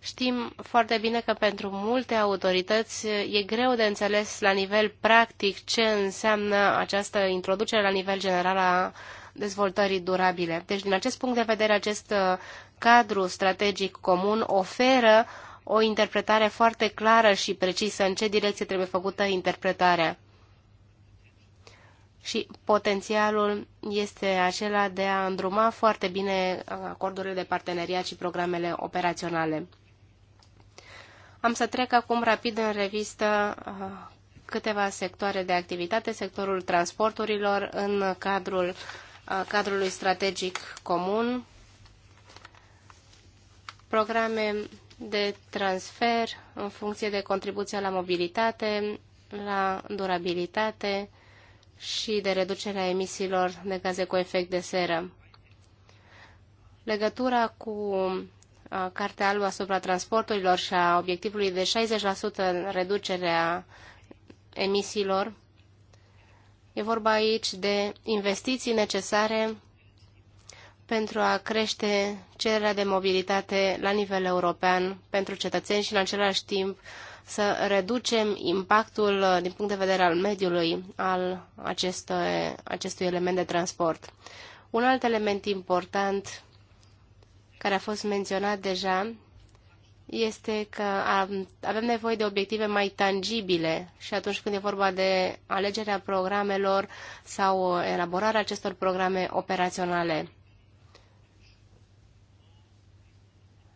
Știm foarte bine că pentru multe autorități e greu de înțeles la nivel practic ce înseamnă această introducere la nivel general a dezvoltării durabile. Deci, din acest punct de vedere, acest uh, cadru strategic comun oferă o interpretare foarte clară și precisă în ce direcție trebuie făcută interpretarea. Și potențialul este acela de a îndruma foarte bine uh, acordurile de parteneriat și programele operaționale. Am să trec acum rapid în revistă uh, câteva sectoare de activitate, sectorul transporturilor în cadrul uh, cadrului strategic comun, programe de transfer în funcție de contribuția la mobilitate, la durabilitate și de reducerea emisiilor de gaze cu efect de seră. Legătura cu Uh, cartea Albă asupra transporturilor și a obiectivului de 60% reducerea emisiilor. E vorba aici de investiții necesare pentru a crește cererea de mobilitate la nivel european pentru cetățeni și în același timp să reducem impactul uh, din punct de vedere al mediului al acestui element de transport. Un alt element important care a fost menționat deja este că avem nevoie de obiective mai tangibile și atunci când e vorba de alegerea programelor sau elaborarea acestor programe operaționale.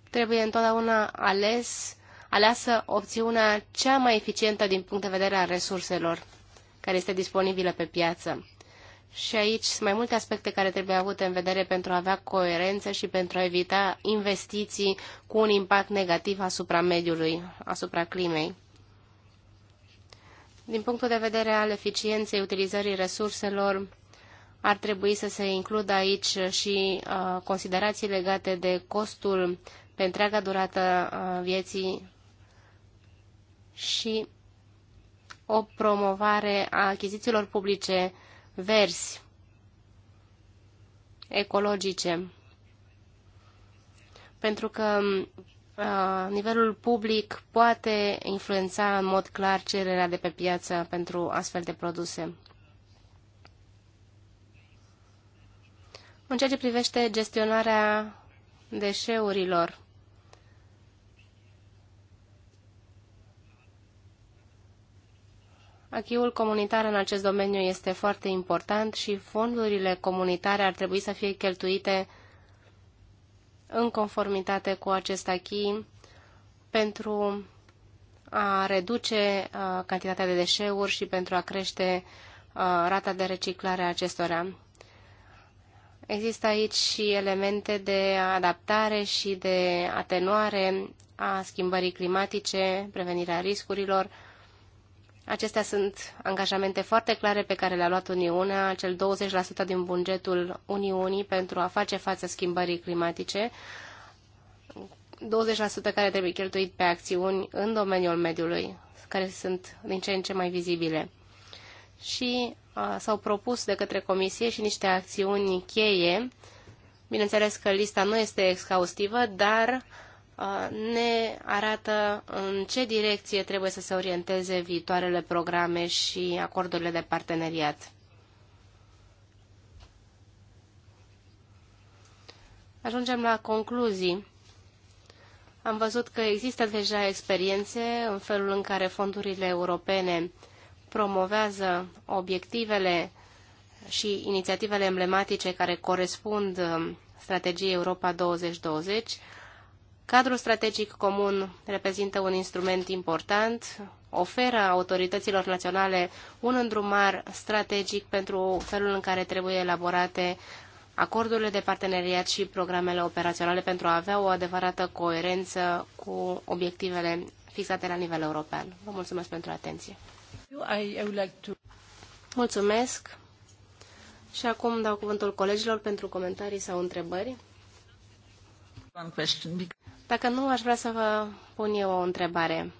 Trebuie întotdeauna ales, aleasă opțiunea cea mai eficientă din punct de vedere a resurselor care este disponibilă pe piață. Și aici sunt mai multe aspecte care trebuie avute în vedere pentru a avea coerență și pentru a evita investiții cu un impact negativ asupra mediului, asupra climei. Din punctul de vedere al eficienței utilizării resurselor, ar trebui să se includă aici și uh, considerații legate de costul pe întreaga durată uh, vieții și o promovare a achizițiilor publice verzi, ecologice. Pentru că uh, nivelul public poate influența în mod clar cererea de pe piață pentru astfel de produse. În ceea ce privește gestionarea deșeurilor, Achiul comunitar în acest domeniu este foarte important și fondurile comunitare ar trebui să fie cheltuite în conformitate cu acest achii pentru a reduce uh, cantitatea de deșeuri și pentru a crește uh, rata de reciclare a acestora. Există aici și elemente de adaptare și de atenuare a schimbării climatice, prevenirea riscurilor, Acestea sunt angajamente foarte clare pe care le-a luat Uniunea, cel 20% din bugetul Uniunii pentru a face față schimbării climatice, 20% care trebuie cheltuit pe acțiuni în domeniul mediului, care sunt din ce în ce mai vizibile. Și s-au propus de către Comisie și niște acțiuni cheie. Bineînțeles că lista nu este exhaustivă, dar Uh, ne arată în ce direcție trebuie să se orienteze viitoarele programe și acordurile de parteneriat. Ajungem la concluzii. Am văzut că există deja experiențe în felul în care fondurile europene promovează obiectivele și inițiativele emblematice care corespund um, strategiei Europa 2020 Cadrul strategic comun reprezintă un instrument important, oferă autorităților naționale un îndrumar strategic pentru felul în care trebuie elaborate acordurile de parteneriat și programele operaționale pentru a avea o adevărată coerență cu obiectivele fixate la nivel european. Vă mulțumesc pentru atenție. Mulțumesc și acum dau cuvântul colegilor pentru comentarii sau întrebări. Dacă nu, aș vrea să vă pun eu o întrebare.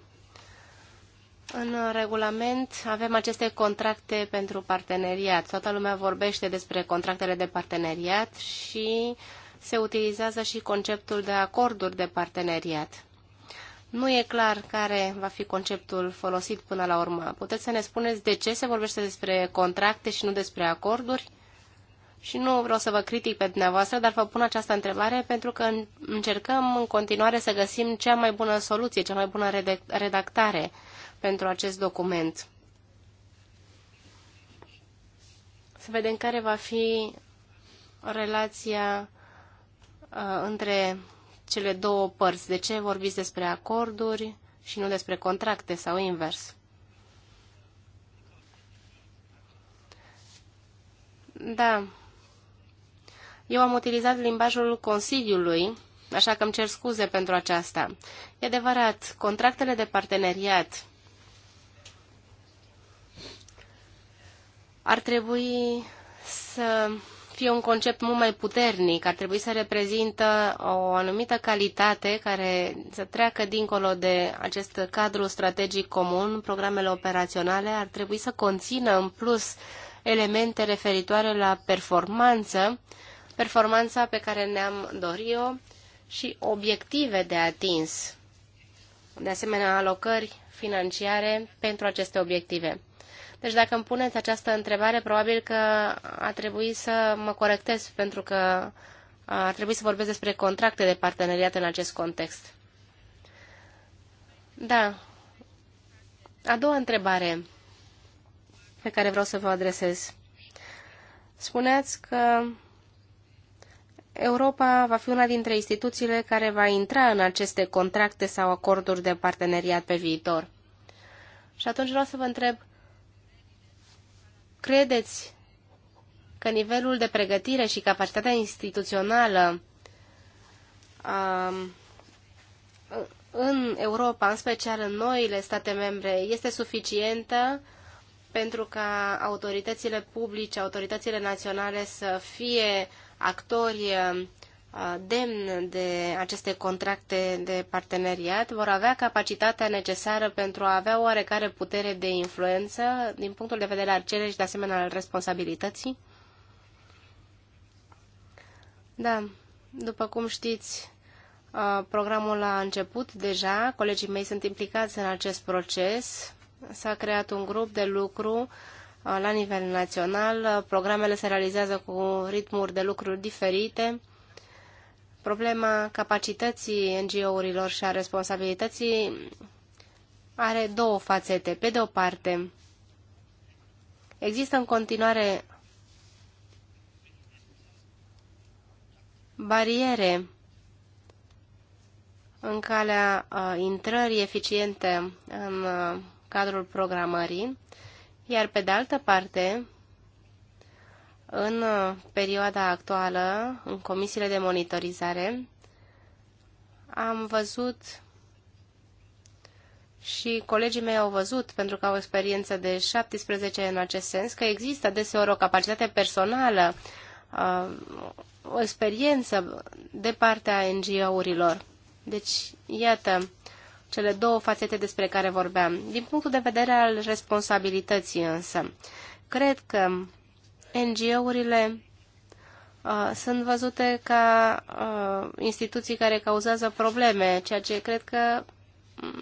În regulament avem aceste contracte pentru parteneriat. Toată lumea vorbește despre contractele de parteneriat și se utilizează și conceptul de acorduri de parteneriat. Nu e clar care va fi conceptul folosit până la urmă. Puteți să ne spuneți de ce se vorbește despre contracte și nu despre acorduri? și nu vreau să vă critic pe dumneavoastră, dar vă pun această întrebare pentru că încercăm în continuare să găsim cea mai bună soluție, cea mai bună redactare pentru acest document. Să vedem care va fi relația uh, între cele două părți. De ce vorbiți despre acorduri și nu despre contracte sau invers? Da, eu am utilizat limbajul Consiliului, așa că îmi cer scuze pentru aceasta. E adevărat, contractele de parteneriat ar trebui să fie un concept mult mai puternic, ar trebui să reprezintă o anumită calitate care să treacă dincolo de acest cadru strategic comun, programele operaționale, ar trebui să conțină în plus elemente referitoare la performanță performanța pe care ne-am dorit-o și obiective de atins. De asemenea, alocări financiare pentru aceste obiective. Deci dacă îmi puneți această întrebare, probabil că a trebui să mă corectez, pentru că ar trebui să vorbesc despre contracte de parteneriat în acest context. Da. A doua întrebare pe care vreau să vă adresez. Spuneați că Europa va fi una dintre instituțiile care va intra în aceste contracte sau acorduri de parteneriat pe viitor. Și atunci vreau să vă întreb, credeți că nivelul de pregătire și capacitatea instituțională a, în Europa, în special în noile state membre, este suficientă pentru ca autoritățile publice, autoritățile naționale să fie uh, actori uh, demn de aceste contracte de parteneriat vor avea capacitatea necesară pentru a avea oarecare putere de influență din punctul de vedere al cererii și de asemenea al responsabilității? Da, după cum știți, uh, programul a început deja, colegii mei sunt implicați în acest proces, s-a creat un grup de lucru uh, la nivel național. Programele se realizează cu ritmuri de lucruri diferite. Problema capacității NGO-urilor și a responsabilității are două fațete. Pe de o parte, există în continuare bariere în calea uh, intrării eficiente în uh, cadrul programării iar pe de altă parte, în uh, perioada actuală, în comisiile de monitorizare, am văzut și colegii mei au văzut, pentru că au experiență de 17 în acest sens, că există deseori o capacitate personală, uh, o experiență de partea NGO-urilor. Deci, iată, cele două fațete despre care vorbeam. Din punctul de vedere al responsabilității însă, cred că NGO-urile uh, sunt văzute ca uh, instituții care cauzează probleme, ceea ce cred că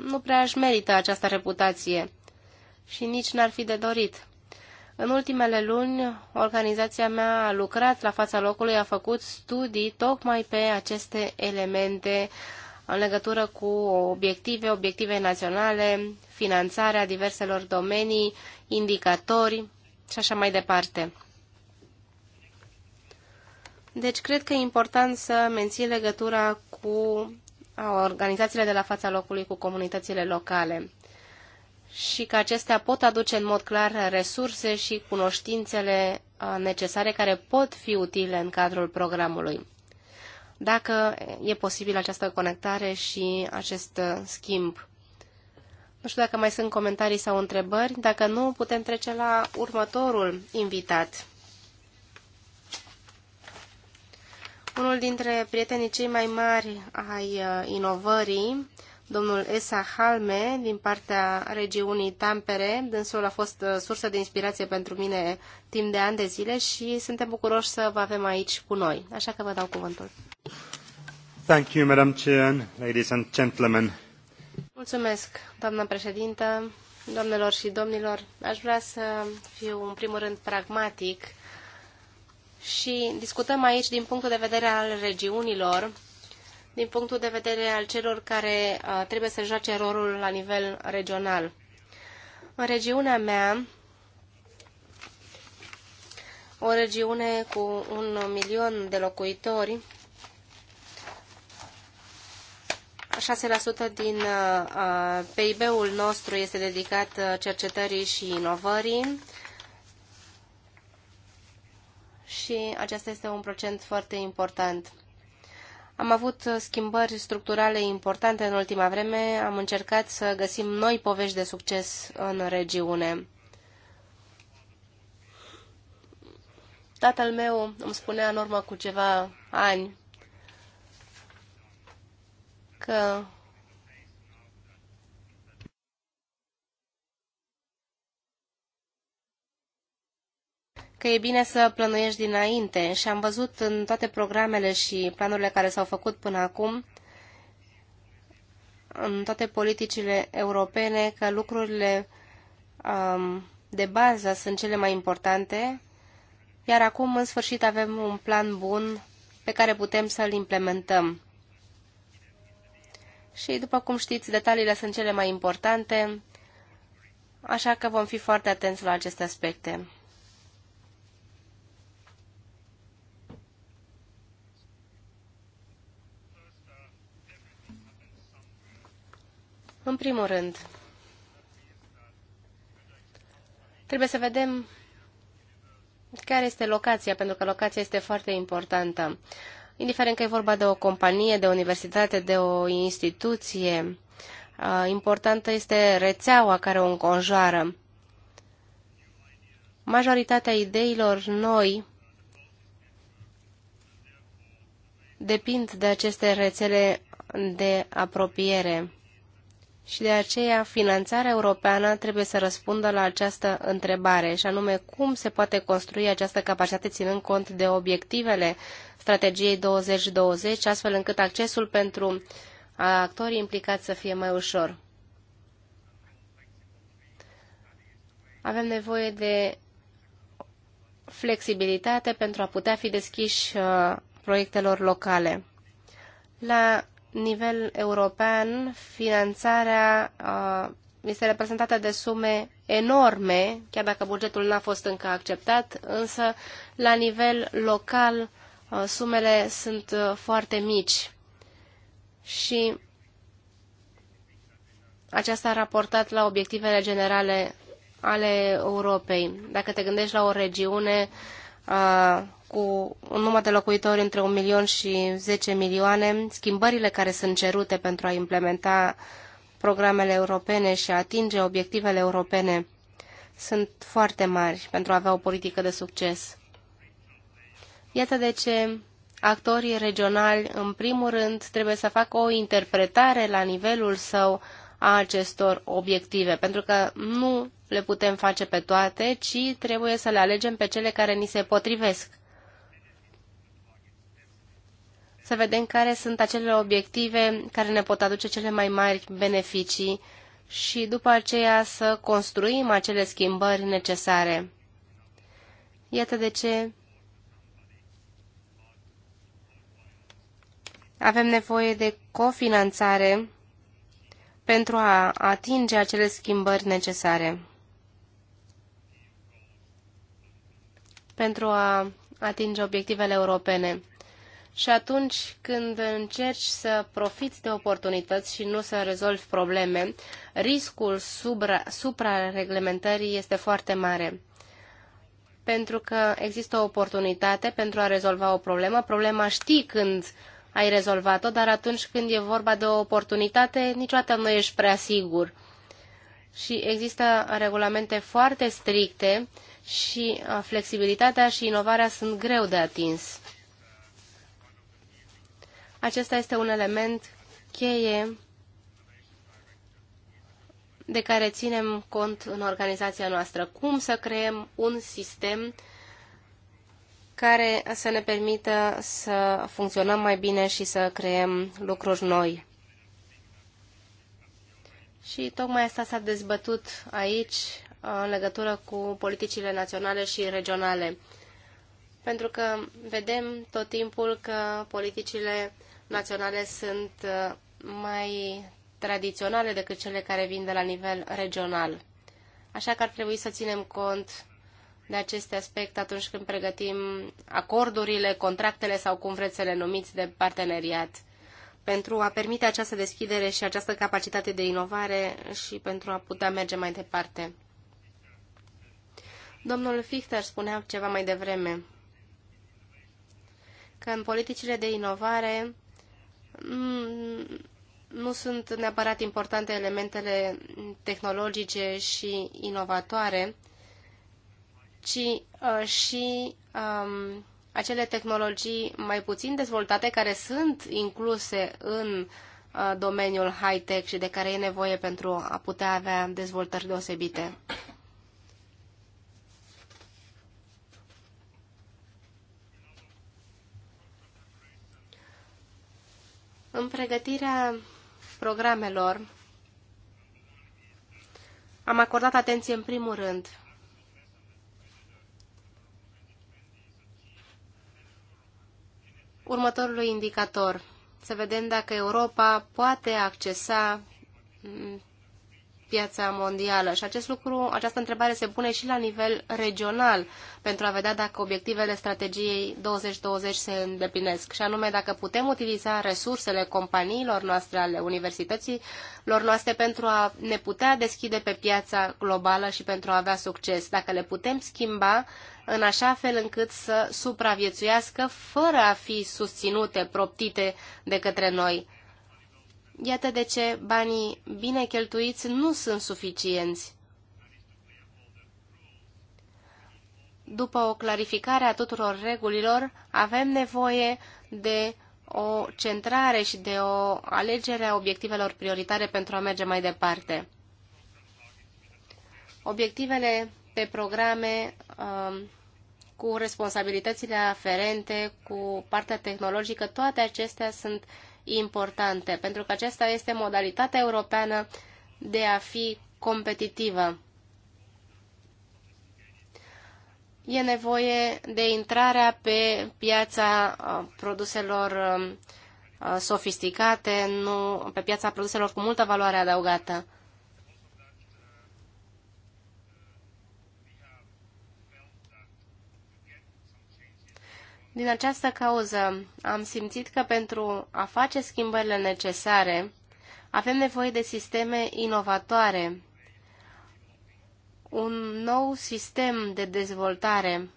nu prea își merită această reputație și nici n-ar fi de dorit. În ultimele luni, organizația mea a lucrat la fața locului, a făcut studii tocmai pe aceste elemente uh, în legătură cu obiective, obiective naționale, finanțarea diverselor domenii, indicatori și așa mai departe. Deci cred că e important să menții legătura cu organizațiile de la fața locului, cu comunitățile locale și că acestea pot aduce în mod clar resurse și cunoștințele necesare care pot fi utile în cadrul programului dacă e posibil această conectare și acest uh, schimb. Nu știu dacă mai sunt comentarii sau întrebări. Dacă nu, putem trece la următorul invitat. Unul dintre prietenii cei mai mari ai uh, inovării domnul Esa Halme din partea regiunii Tampere. Dânsul a fost uh, sursă de inspirație pentru mine timp de ani de zile și suntem bucuroși să vă avem aici cu noi. Așa că vă dau cuvântul. Thank you, Madam Chair, ladies and gentlemen. Mulțumesc, doamna președintă, domnilor și domnilor. Aș vrea să fiu în primul rând pragmatic și discutăm aici din punctul de vedere al regiunilor din punctul de vedere al celor care uh, trebuie să joace rolul la nivel regional. În regiunea mea, o regiune cu un milion de locuitori, 6% din uh, uh, PIB-ul nostru este dedicat cercetării și inovării și acesta este un procent foarte important. Am avut uh, schimbări structurale importante în ultima vreme, am încercat să găsim noi povești de succes în regiune. Tatăl meu îmi spunea în urmă cu ceva ani că că e bine să plănuiești dinainte și am văzut în toate programele și planurile care s-au făcut până acum, în toate politicile europene, că lucrurile um, de bază sunt cele mai importante, iar acum, în sfârșit, avem un plan bun pe care putem să-l implementăm. Și, după cum știți, detaliile sunt cele mai importante, așa că vom fi foarte atenți la aceste aspecte. În primul rând, trebuie să vedem care este locația, pentru că locația este foarte importantă. Indiferent că e vorba de o companie, de o universitate, de o instituție, uh, importantă este rețeaua care o înconjoară. Majoritatea ideilor noi depind de aceste rețele de apropiere și de aceea finanțarea europeană trebuie să răspundă la această întrebare, și anume cum se poate construi această capacitate ținând cont de obiectivele strategiei 2020, astfel încât accesul pentru actorii implicați să fie mai ușor. Avem nevoie de flexibilitate pentru a putea fi deschiși uh, proiectelor locale. La nivel european, finanțarea este reprezentată de sume enorme, chiar dacă bugetul n-a fost încă acceptat, însă la nivel local sumele sunt foarte mici. Și aceasta a raportat la obiectivele generale ale Europei. Dacă te gândești la o regiune uh, Uh, cu un număr de locuitori între un milion și 10 milioane, schimbările care sunt cerute pentru a implementa programele europene și a atinge obiectivele europene sunt foarte mari pentru a avea o politică de succes. Iată de ce actorii regionali, în primul rând, trebuie să facă o interpretare la nivelul său a acestor obiective, pentru că nu le putem face pe toate, ci trebuie să le alegem pe cele care ni se potrivesc. Să vedem care sunt acele obiective care ne pot aduce cele mai mari beneficii și după aceea să construim acele schimbări necesare. Iată de ce avem nevoie de cofinanțare pentru a atinge acele schimbări necesare. pentru a atinge obiectivele europene. Și atunci când încerci să profiți de oportunități și nu să rezolvi probleme, riscul suprareglementării este foarte mare. Pentru că există o oportunitate pentru a rezolva o problemă. Problema știi când ai rezolvat-o, dar atunci când e vorba de o oportunitate, niciodată nu ești prea sigur. Și există regulamente foarte stricte și flexibilitatea și inovarea sunt greu de atins. Acesta este un element cheie de care ținem cont în organizația noastră. Cum să creăm un sistem care să ne permită să funcționăm mai bine și să creăm lucruri noi. Și tocmai asta s-a dezbătut aici Uh, în legătură cu politicile naționale și regionale. Pentru că vedem tot timpul că politicile naționale sunt uh, mai tradiționale decât cele care vin de la nivel regional. Așa că ar trebui să ținem cont de acest aspect atunci când pregătim acordurile, contractele sau cum vreți să le numiți de parteneriat pentru a permite această deschidere și această capacitate de inovare și pentru a putea merge mai departe. Domnul Fichter spunea ceva mai devreme că în politicile de inovare mm, nu sunt neapărat importante elementele tehnologice și inovatoare, ci uh, și um, acele tehnologii mai puțin dezvoltate care sunt incluse în uh, domeniul high-tech și de care e nevoie pentru a putea avea dezvoltări deosebite. În pregătirea programelor am acordat atenție în primul rând următorului indicator, să vedem dacă Europa poate accesa piața mondială. Și acest lucru, această întrebare se pune și la nivel regional pentru a vedea dacă obiectivele strategiei 2020 se îndeplinesc. Și anume dacă putem utiliza resursele companiilor noastre, ale universității lor noastre pentru a ne putea deschide pe piața globală și pentru a avea succes. Dacă le putem schimba în așa fel încât să supraviețuiască fără a fi susținute, proptite de către noi Iată de ce banii bine cheltuiți nu sunt suficienți. După o clarificare a tuturor regulilor, avem nevoie de o centrare și de o alegere a obiectivelor prioritare pentru a merge mai departe. Obiectivele pe programe um, cu responsabilitățile aferente, cu partea tehnologică, toate acestea sunt uh, importante, pentru că aceasta este modalitatea europeană de a fi competitivă. E nevoie de intrarea pe piața produselor sofisticate, nu, pe piața produselor cu multă valoare adăugată. Din această cauză am simțit că pentru a face schimbările necesare avem nevoie de sisteme inovatoare, un nou sistem de dezvoltare,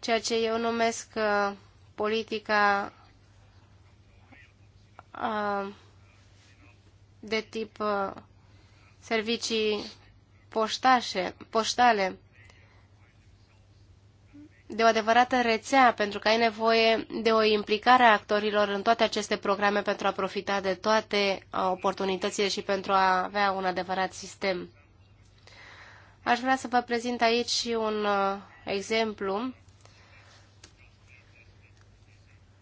ceea ce eu numesc uh, politica uh, de tip uh, servicii poștașe, poștale de o adevărată rețea, pentru că ai nevoie de o implicare a actorilor în toate aceste programe pentru a profita de toate uh, oportunitățile și pentru a avea un adevărat sistem. Aș vrea să vă prezint aici un uh, exemplu.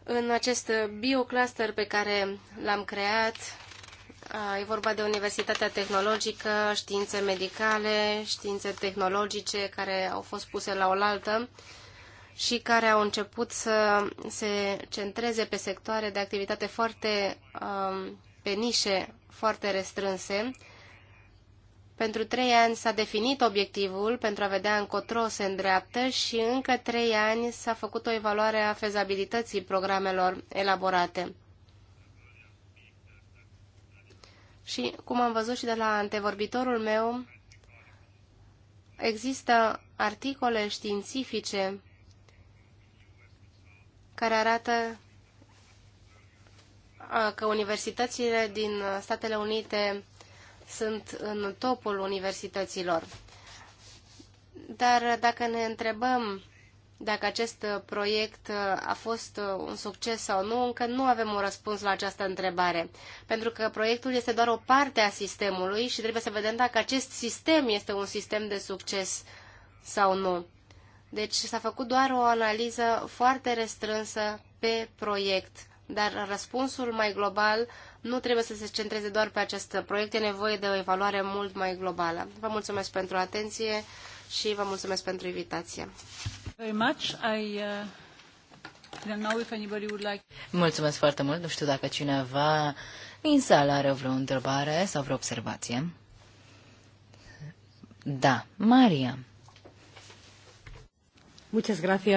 În acest biocluster pe care l-am creat, uh, e vorba de Universitatea Tehnologică, științe medicale, științe tehnologice care au fost puse la oaltă, și care au început să se centreze pe sectoare de activitate foarte, um, pe nișe foarte restrânse. Pentru trei ani s-a definit obiectivul pentru a vedea încotro se îndreaptă și încă trei ani s-a făcut o evaluare a fezabilității programelor elaborate. Și, cum am văzut și de la antevorbitorul meu, există articole științifice care arată că universitățile din Statele Unite sunt în topul universităților. Dar dacă ne întrebăm dacă acest proiect a fost un succes sau nu, încă nu avem un răspuns la această întrebare. Pentru că proiectul este doar o parte a sistemului și trebuie să vedem dacă acest sistem este un sistem de succes sau nu. Deci s-a făcut doar o analiză foarte restrânsă pe proiect, dar răspunsul mai global nu trebuie să se centreze doar pe acest proiect, e nevoie de o evaluare mult mai globală. Vă mulțumesc pentru atenție și vă mulțumesc pentru invitație. Mulțumesc foarte mult. Nu știu dacă cineva din sală are vreo întrebare sau vreo observație. Da, Maria. Mulțumesc,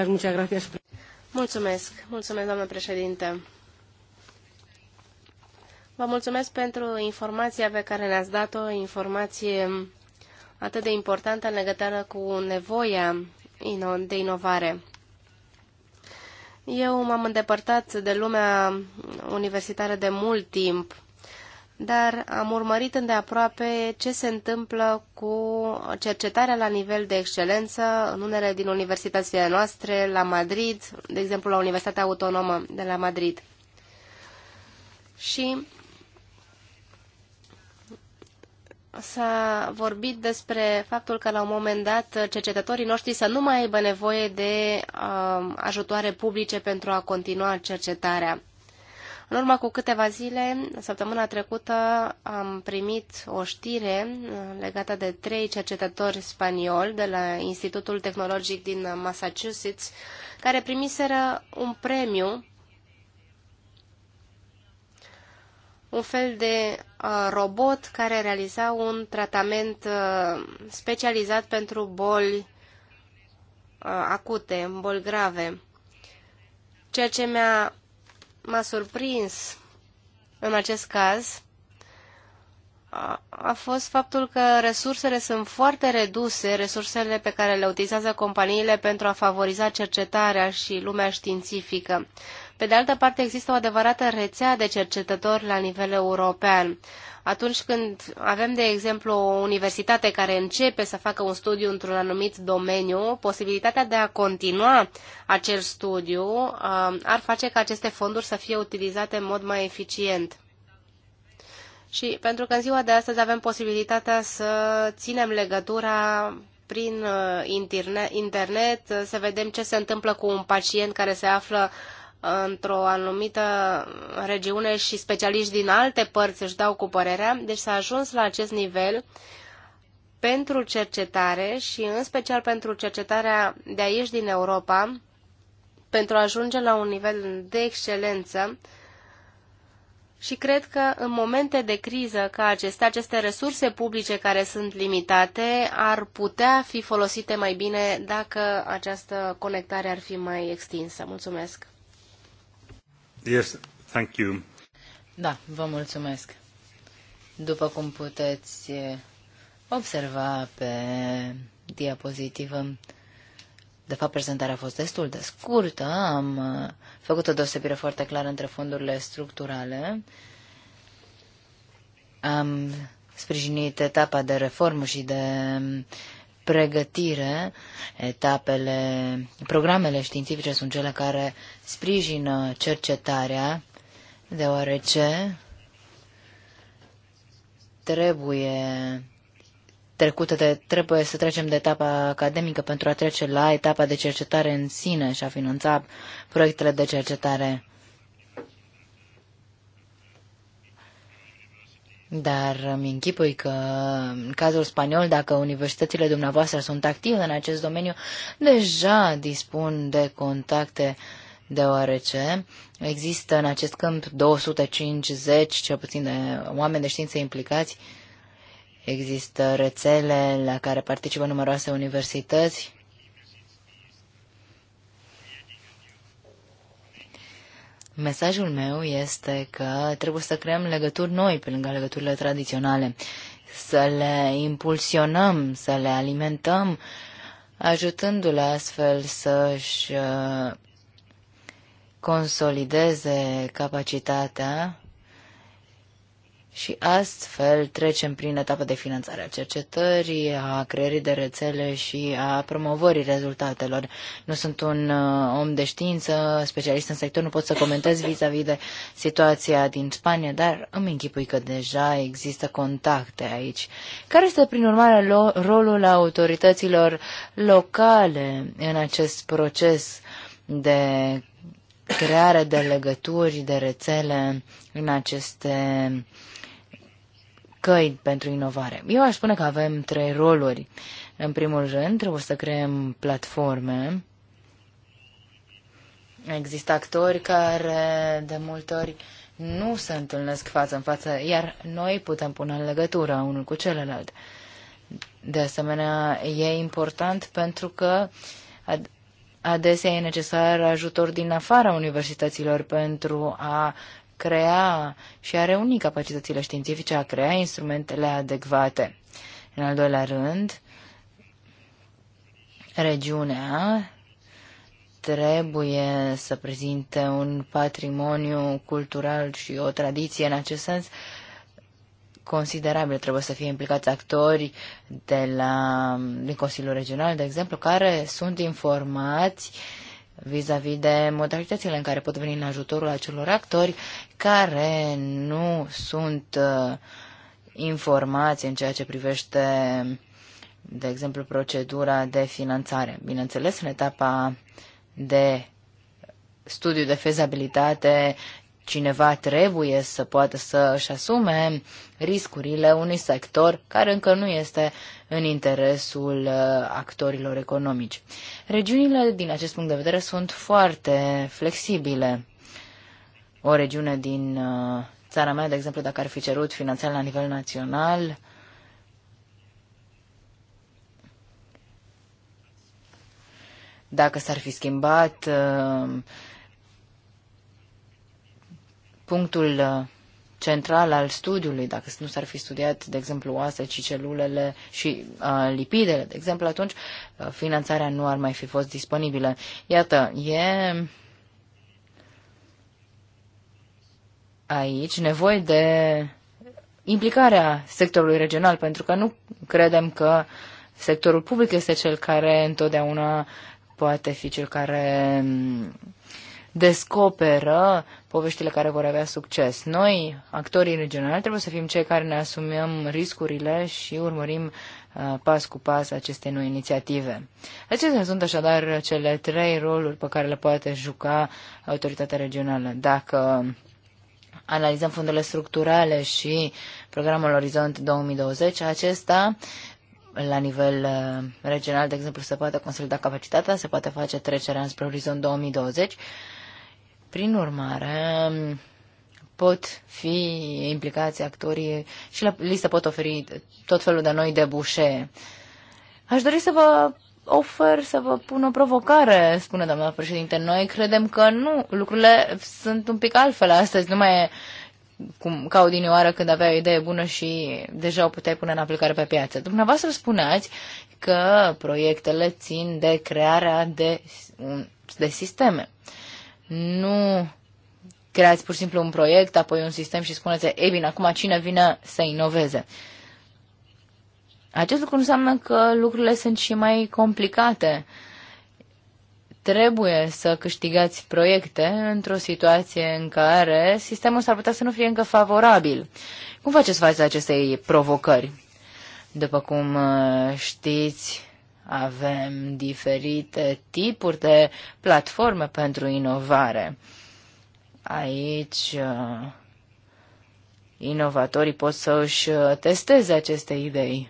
mulțumesc, doamnă președinte. Vă mulțumesc pentru informația pe care ne-ați dat-o, informație atât de importantă în legătură cu nevoia de inovare. Eu m-am îndepărtat de lumea universitară de mult timp dar am urmărit îndeaproape ce se întâmplă cu cercetarea la nivel de excelență în unele din universitățile noastre, la Madrid, de exemplu la Universitatea Autonomă de la Madrid. Și s-a vorbit despre faptul că la un moment dat cercetătorii noștri să nu mai aibă nevoie de uh, ajutoare publice pentru a continua cercetarea. În urmă cu câteva zile, săptămâna trecută, am primit o știre uh, legată de trei cercetători spanioli de la Institutul Tehnologic din Massachusetts, care primiseră un premiu un fel de uh, robot care realiza un tratament uh, specializat pentru boli acute, boli grave. Ceea ce mi-a m-a surprins în acest caz a, fost faptul că resursele sunt foarte reduse, resursele pe care le utilizează companiile pentru a favoriza cercetarea și lumea științifică. Pe de altă parte, există o adevărată rețea de cercetători la nivel european. Atunci când avem, de exemplu, o universitate care începe să facă un studiu într-un anumit domeniu, posibilitatea de a continua acel studiu uh, ar face ca aceste fonduri să fie utilizate în mod mai eficient. Și pentru că în ziua de astăzi avem posibilitatea să ținem legătura prin uh, internet, să vedem ce se întâmplă cu un pacient care se află într-o anumită regiune și specialiști din alte părți își dau cu părerea, deci s-a ajuns la acest nivel pentru cercetare și în special pentru cercetarea de aici din Europa, pentru a ajunge la un nivel de excelență și cred că în momente de criză ca acestea, aceste resurse publice care sunt limitate ar putea fi folosite mai bine dacă această conectare ar fi mai extinsă. Mulțumesc! Da, vă mulțumesc. După cum puteți eh, observa pe diapozitivă, de fapt, prezentarea a fost destul de scurtă. Am eh, făcut o deosebire foarte clară între fondurile structurale. Am sprijinit etapa de reformă și de pregătire, etapele, programele științifice sunt cele care sprijină cercetarea, deoarece trebuie trecută de, trebuie să trecem de etapa academică pentru a trece la etapa de cercetare în sine și a finanța proiectele de cercetare. Dar îmi închipui că în cazul spaniol, dacă universitățile dumneavoastră sunt active în acest domeniu, deja dispun de contacte deoarece există în acest câmp 250, cel puțin de oameni de știință implicați, există rețele la care participă numeroase universități, Mesajul meu este că trebuie să creăm legături noi pe lângă legăturile tradiționale, să le impulsionăm, să le alimentăm, ajutându-le astfel să-și uh, consolideze capacitatea și astfel trecem prin etapa de finanțare a cercetării, a creării de rețele și a promovării rezultatelor. Nu sunt un uh, om de știință, specialist în sector, nu pot să comentez vis-a-vis -vis de situația din Spania, dar îmi închipui că deja există contacte aici. Care este, prin urmare, rolul autorităților locale în acest proces de creare de legături, de rețele în aceste căi pentru inovare. Eu aș spune că avem trei roluri. În primul rând, trebuie să creăm platforme. Există actori care de multe ori nu se întâlnesc față în față, iar noi putem pune în legătură unul cu celălalt. De asemenea, e important pentru că adesea e necesar ajutor din afara universităților pentru a crea și a reuni capacitățile științifice, a crea instrumentele adecvate. În al doilea rând, regiunea trebuie să prezinte un patrimoniu cultural și o tradiție în acest sens considerabil. Trebuie să fie implicați actori de la, din Consiliul Regional, de exemplu, care sunt informați uh, vis-a-vis -vis de modalitățile în care pot veni în ajutorul acelor actori care nu sunt uh, informați în ceea ce privește, de exemplu, procedura de finanțare. Bineînțeles, în etapa de studiu de fezabilitate cineva trebuie să poată să își asume riscurile unui sector care încă nu este în interesul uh, actorilor economici. Regiunile, din acest punct de vedere, sunt foarte flexibile. O regiune din uh, țara mea, de exemplu, dacă ar fi cerut finanțare la nivel național, dacă s-ar fi schimbat uh, punctul uh, central al studiului, dacă nu s-ar fi studiat, de exemplu, oase și celulele și uh, lipidele, de exemplu, atunci uh, finanțarea nu ar mai fi fost disponibilă. Iată, e aici nevoie de implicarea sectorului regional, pentru că nu credem că sectorul public este cel care întotdeauna poate fi cel care uh, descoperă poveștile care vor avea succes. Noi, actorii regionali, trebuie să fim cei care ne asumăm riscurile și urmărim uh, pas cu pas aceste noi inițiative. Acestea sunt așadar cele trei roluri pe care le poate juca autoritatea regională. Dacă analizăm fondurile structurale și programul Orizont 2020, acesta la nivel uh, regional, de exemplu, se poate consolida capacitatea, se poate face trecerea înspre orizont 2020 prin urmare, pot fi implicați actorii și la, li se pot oferi tot felul de noi debușe. Aș dori să vă ofer să vă pun o provocare, spune doamna președinte. Noi credem că nu, lucrurile sunt un pic altfel astăzi, nu mai e cum, ca odinioară când avea o idee bună și deja o puteai pune în aplicare pe piață. Dumneavoastră spuneați că proiectele țin de crearea de, de sisteme. Uh, nu creați pur și simplu un proiect, apoi un sistem și spuneți, ei bine, acum cine vine să inoveze. Acest lucru înseamnă că lucrurile sunt și mai complicate. Trebuie să câștigați proiecte într-o situație în care sistemul s-ar putea să nu fie încă favorabil. Cum faceți față acestei provocări? După cum uh, știți, avem diferite tipuri de platforme pentru inovare. Aici uh, inovatorii pot să își uh, testeze aceste idei.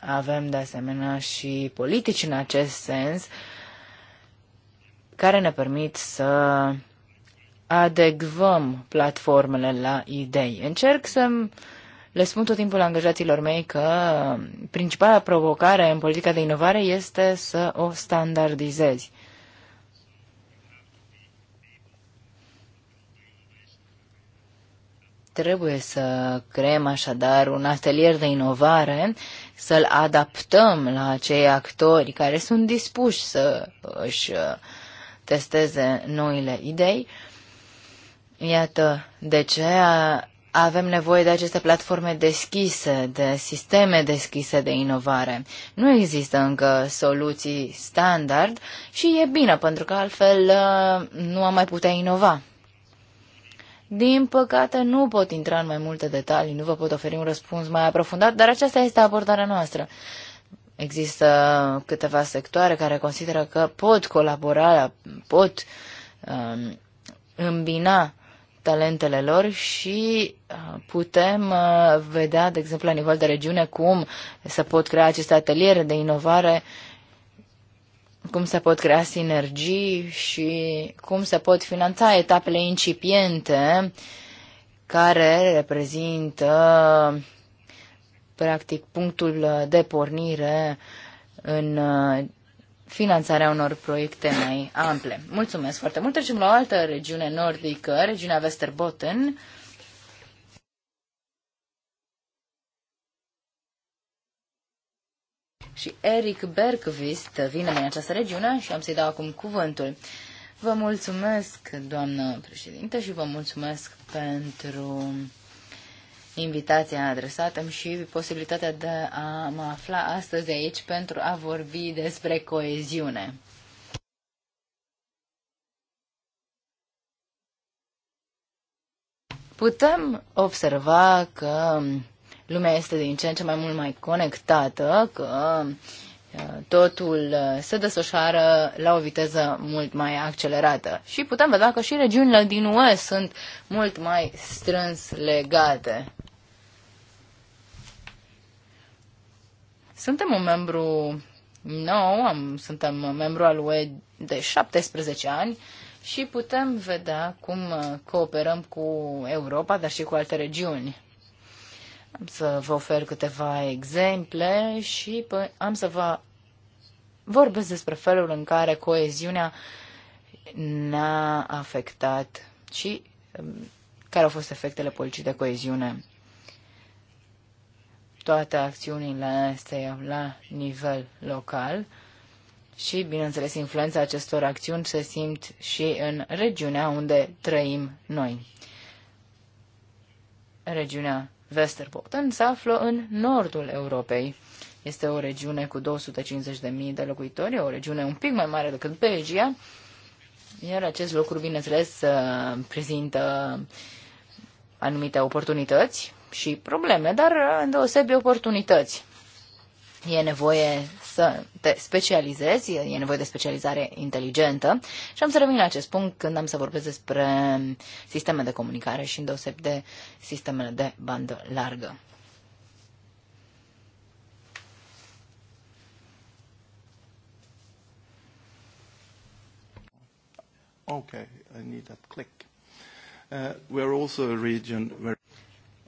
Avem de asemenea și politici în acest sens care ne permit să adecvăm platformele la idei. Încerc să le spun tot timpul angajaților mei că principala provocare în politica de inovare este să o standardizezi. Trebuie să creăm așadar un atelier de inovare, să-l adaptăm la acei actori care sunt dispuși să își uh, testeze noile idei. Iată de ce avem nevoie de aceste platforme deschise, de sisteme deschise de inovare. Nu există încă soluții standard și e bine, pentru că altfel uh, nu am mai putea inova. Din păcate, nu pot intra în mai multe detalii, nu vă pot oferi un răspuns mai aprofundat, dar aceasta este abordarea noastră. Există câteva sectoare care consideră că pot colabora, pot um, îmbina talentele lor și uh, putem uh, vedea, de exemplu, la nivel de regiune, cum se pot crea aceste ateliere de inovare, cum se pot crea sinergii și cum se pot finanța etapele incipiente care reprezintă, practic, punctul de pornire în uh, finanțarea unor proiecte mai ample. Mulțumesc foarte mult. Trecem la o altă regiune nordică, regiunea Westerbotten. Și Eric Bergvist vine din această regiune și am să-i dau acum cuvântul. Vă mulțumesc, doamnă președinte, și vă mulțumesc pentru invitația adresată și posibilitatea de a mă afla astăzi aici pentru a vorbi despre coeziune. Putem observa că lumea este din ce în ce mai mult mai conectată, că uh, totul uh, se desfășoară la o viteză mult mai accelerată. Și putem vedea că și regiunile din UE sunt mult mai strâns legate. Suntem un membru nou, am, suntem membru al UE de 17 ani și putem vedea cum uh, cooperăm cu Europa, dar și cu alte regiuni. Am să vă ofer câteva exemple și am să vă vorbesc despre felul în care coeziunea ne-a afectat și um, care au fost efectele politicii de coeziune toate acțiunile astea la nivel local și, bineînțeles, influența acestor acțiuni se simt și în regiunea unde trăim noi. Regiunea Westerbotten se află în nordul Europei. Este o regiune cu 250.000 de locuitori, o regiune un pic mai mare decât Belgia, iar acest lucru, bineînțeles, uh, prezintă anumite oportunități și probleme, dar uh, îndeosebi oportunități. E nevoie să te specializezi, e nevoie de specializare inteligentă și am să revin la acest punct când am să vorbesc despre sisteme de comunicare și îndeosebi de sistemele de bandă largă. Okay, I need that click. Uh, we're also a region where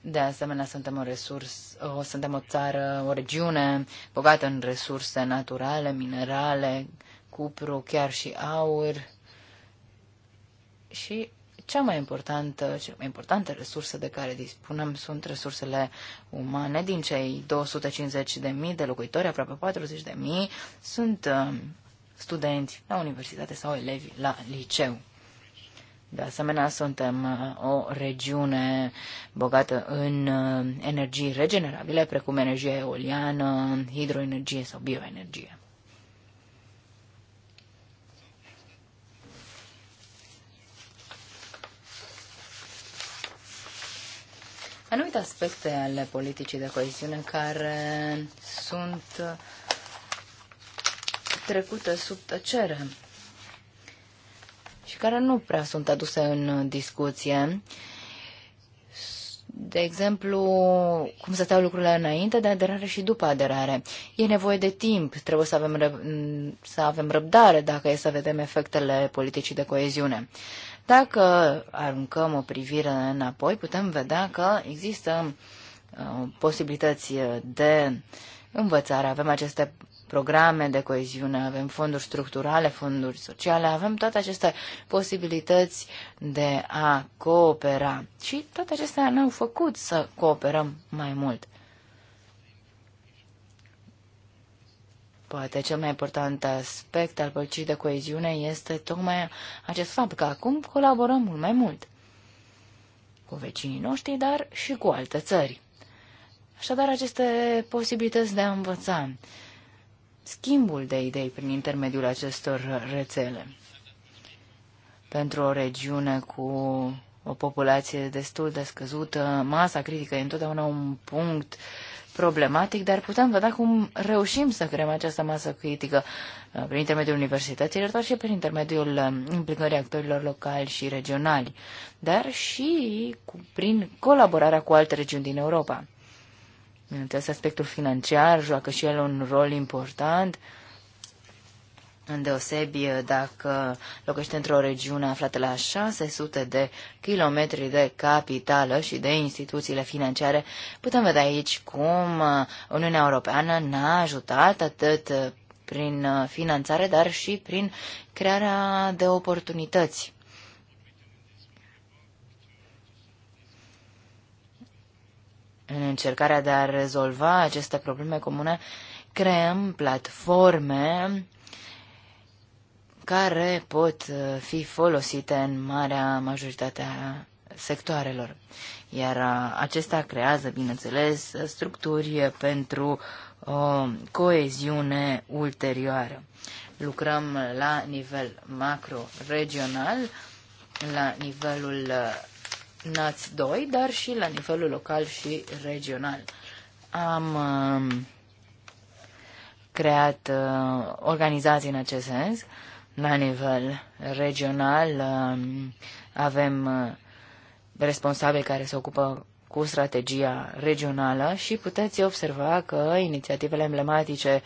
de asemenea, suntem o, resurs, o, suntem o țară, o regiune bogată în resurse naturale, minerale, cupru, chiar și aur. Și cea mai importantă, cea mai importantă resursă de care dispunem sunt resursele umane. Din cei 250 de mii de locuitori, aproape 40 de mii sunt um, studenți la universitate sau elevi la liceu. De asemenea, suntem uh, o regiune bogată în uh, energii regenerabile, precum energie eoliană, hidroenergie sau bioenergie. anumite aspecte ale politicii de coeziune care sunt trecute sub tăcere și care nu prea sunt aduse în discuție. De exemplu, cum să stau lucrurile înainte de aderare și după aderare. E nevoie de timp, trebuie să avem, răb- să avem răbdare dacă e să vedem efectele politicii de coeziune. Dacă aruncăm o privire înapoi, putem vedea că există uh, posibilități de învățare. Avem aceste programe de coeziune, avem fonduri structurale, fonduri sociale, avem toate aceste posibilități de a coopera. Și toate acestea ne-au făcut să cooperăm mai mult. Poate cel mai important aspect al politicii de coeziune este tocmai acest fapt că acum colaborăm mult mai mult cu vecinii noștri, dar și cu alte țări. Așadar, aceste posibilități de a învăța, schimbul de idei prin intermediul acestor rețele. Pentru o regiune cu o populație destul de scăzută, masa critică e întotdeauna un punct problematic, dar putem vedea cum reușim să creăm această masă critică uh, prin intermediul universităților, dar și prin intermediul uh, implicării actorilor locali și regionali, dar și cu, prin colaborarea cu alte regiuni din Europa. Bineînțeles, aspectul financiar joacă și el un rol important, îndeosebi dacă locuiește într-o regiune aflată la 600 de kilometri de capitală și de instituțiile financiare, putem vedea aici cum Uniunea Europeană n-a ajutat atât prin finanțare, dar și prin crearea de oportunități. În încercarea de a rezolva aceste probleme comune, creăm platforme care pot uh, fi folosite în marea majoritate a sectoarelor. Iar uh, acesta creează, bineînțeles, structuri pentru o coeziune ulterioară. Lucrăm la nivel macro-regional, la nivelul uh, nas 2, dar și la nivelul local și regional. Am um, creat uh, organizații în acest sens. La nivel regional um, avem uh, responsabili care se ocupă cu strategia regională și puteți observa că inițiativele emblematice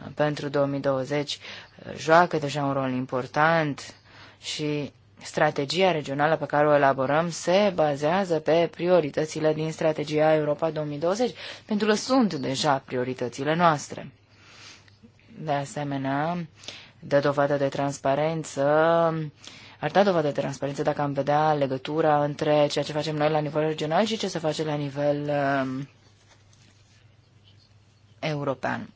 uh, pentru 2020 joacă deja un rol important și strategia regională pe care o elaborăm se bazează pe prioritățile din strategia Europa 2020, pentru că sunt deja prioritățile noastre. De asemenea, dă dovadă de transparență, ar da dovadă de transparență dacă am vedea legătura între ceea ce facem noi la nivel regional și ce se face la nivel uh, european.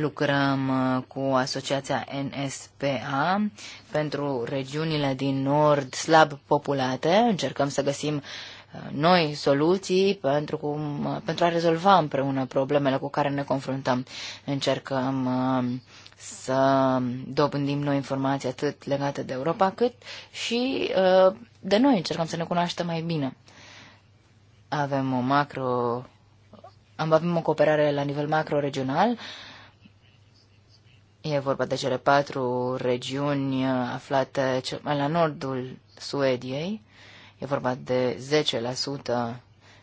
Lucrăm uh, cu asociația NSPA pentru regiunile din nord slab populate. Încercăm să găsim uh, noi soluții pentru, cum, uh, pentru a rezolva împreună problemele cu care ne confruntăm. Încercăm să dobândim noi informații atât legate de Europa cât și de noi încercăm să ne cunoaștem mai bine. Avem o macro am avem o cooperare la nivel macro-regional, E vorba de cele patru regiuni uh, aflate la nordul Suediei. E vorba de 10%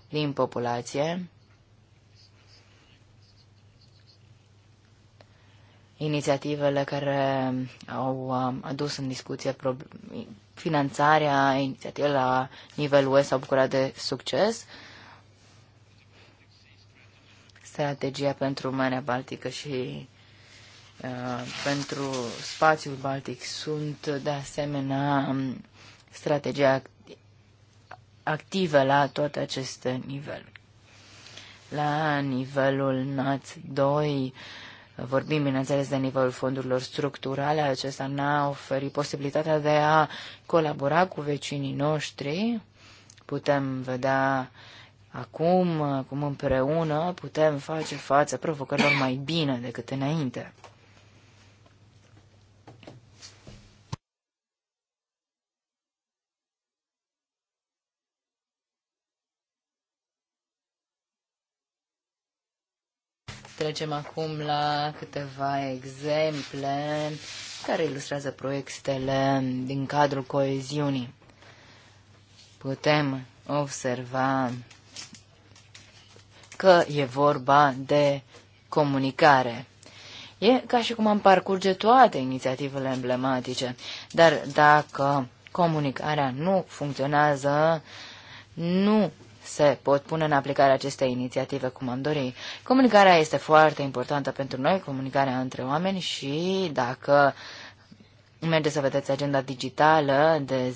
din populație. Inițiativele care au um, adus în discuție finanțarea inițiativelor la nivel UE s-au bucurat de succes strategia pentru Marea Baltică și Uh, pentru spațiul Baltic sunt de asemenea um, strategia activă la toate aceste niveluri. La nivelul NAT 2 vorbim, bineînțeles, de nivelul fondurilor structurale. Acesta ne-a oferit posibilitatea de a colabora cu vecinii noștri. Putem vedea acum cum împreună putem face față provocărilor mai bine decât înainte. Trecem acum la câteva exemple care ilustrează proiectele din cadrul coeziunii. Putem observa că e vorba de comunicare. E ca și cum am parcurge toate inițiativele emblematice, dar dacă comunicarea nu funcționează, nu se pot pune în aplicare aceste inițiative cum am dori. Comunicarea este foarte importantă pentru noi, comunicarea între oameni și dacă mergeți să vedeți agenda digitală de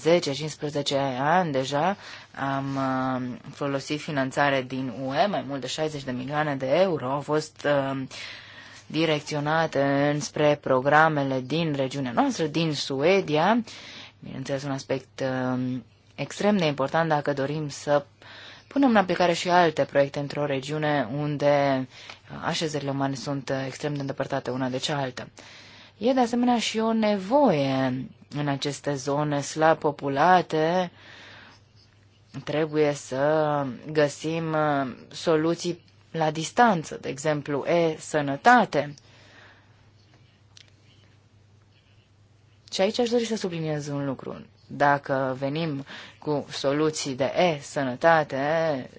10-15 ani deja, am uh, folosit finanțare din UE, mai mult de 60 de milioane de euro au fost uh, direcționate înspre programele din regiunea noastră, din Suedia, bineînțeles un aspect uh, extrem de important dacă dorim să uh, punem în aplicare și alte proiecte într-o regiune unde uh, așezările umane sunt uh, extrem de îndepărtate una de cealaltă. E de asemenea și o nevoie în aceste zone slab populate. Trebuie să găsim uh, soluții la distanță, de exemplu, e-sănătate. Și aici aș dori să subliniez un lucru. Dacă venim cu soluții de e-sănătate,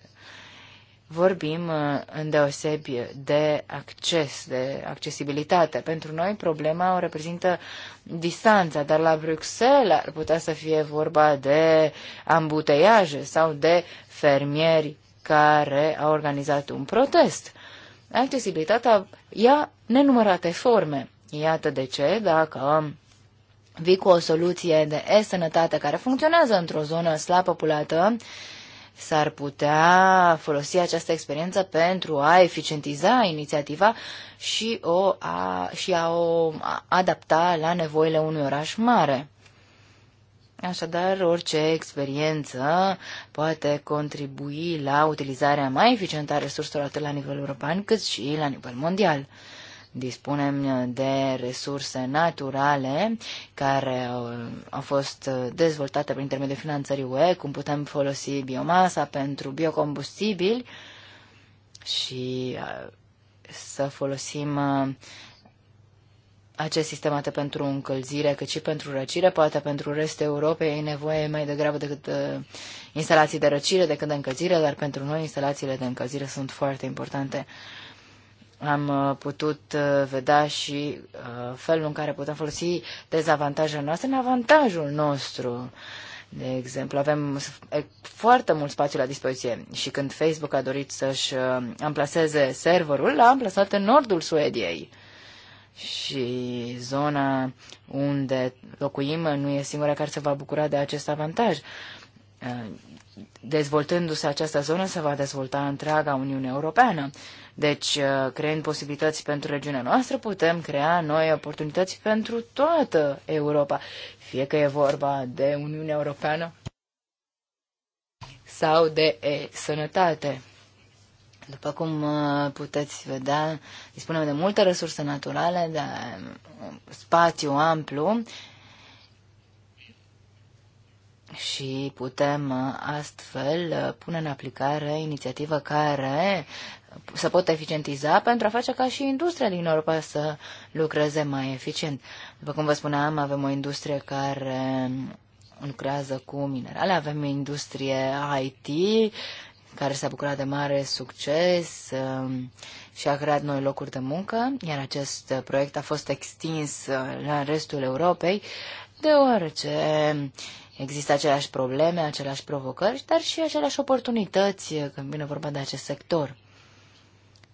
vorbim uh, îndeosebi de acces, de accesibilitate. Pentru noi problema o reprezintă distanța, dar la Bruxelles ar putea să fie vorba de ambuteiaje sau de fermieri care au organizat un protest. Accesibilitatea ia nenumărate forme. Iată de ce, dacă vii cu o soluție de e-sănătate care funcționează într-o zonă slab populată, s-ar putea folosi această experiență pentru a eficientiza inițiativa și, o, a, și a o adapta la nevoile unui oraș mare. Așadar, orice experiență poate contribui la utilizarea mai eficientă a resurselor atât la nivel european cât și la nivel mondial. Dispunem uh, de resurse naturale care uh, au fost uh, dezvoltate prin intermediul finanțării UE, cum putem folosi biomasa pentru biocombustibili și să folosim acest atât pentru încălzire, cât și pentru răcire, poate pentru restul Europei e nevoie mai degrabă decât de instalații de răcire decât de încălzire, dar pentru noi instalațiile de încălzire sunt foarte importante am uh, putut uh, vedea și uh, felul în care putem folosi dezavantajele noastre în avantajul nostru. De exemplu, avem foarte mult spațiu la dispoziție și când Facebook a dorit să-și amplaseze serverul, l-a amplasat în nordul Suediei. Și zona unde locuim nu e singura care se va bucura de acest avantaj dezvoltându-se această zonă, se va dezvolta întreaga Uniune Europeană. Deci, uh, creând posibilități pentru regiunea noastră, putem crea noi oportunități pentru toată Europa. Fie că e vorba de Uniunea Europeană sau de e sănătate. După cum uh, puteți vedea, dispunem de multe resurse naturale, de um, spațiu amplu și putem uh, astfel uh, pune în aplicare inițiativă care să pot eficientiza pentru a face ca și industria din Europa să lucreze mai eficient. După cum vă spuneam, avem o industrie care lucrează cu minerale, avem industrie IT care s-a bucurat de mare succes um, și a creat noi locuri de muncă, iar acest uh, proiect a fost extins la restul Europei deoarece există aceleași probleme, aceleași provocări, dar și aceleași oportunități când vine vorba de acest sector.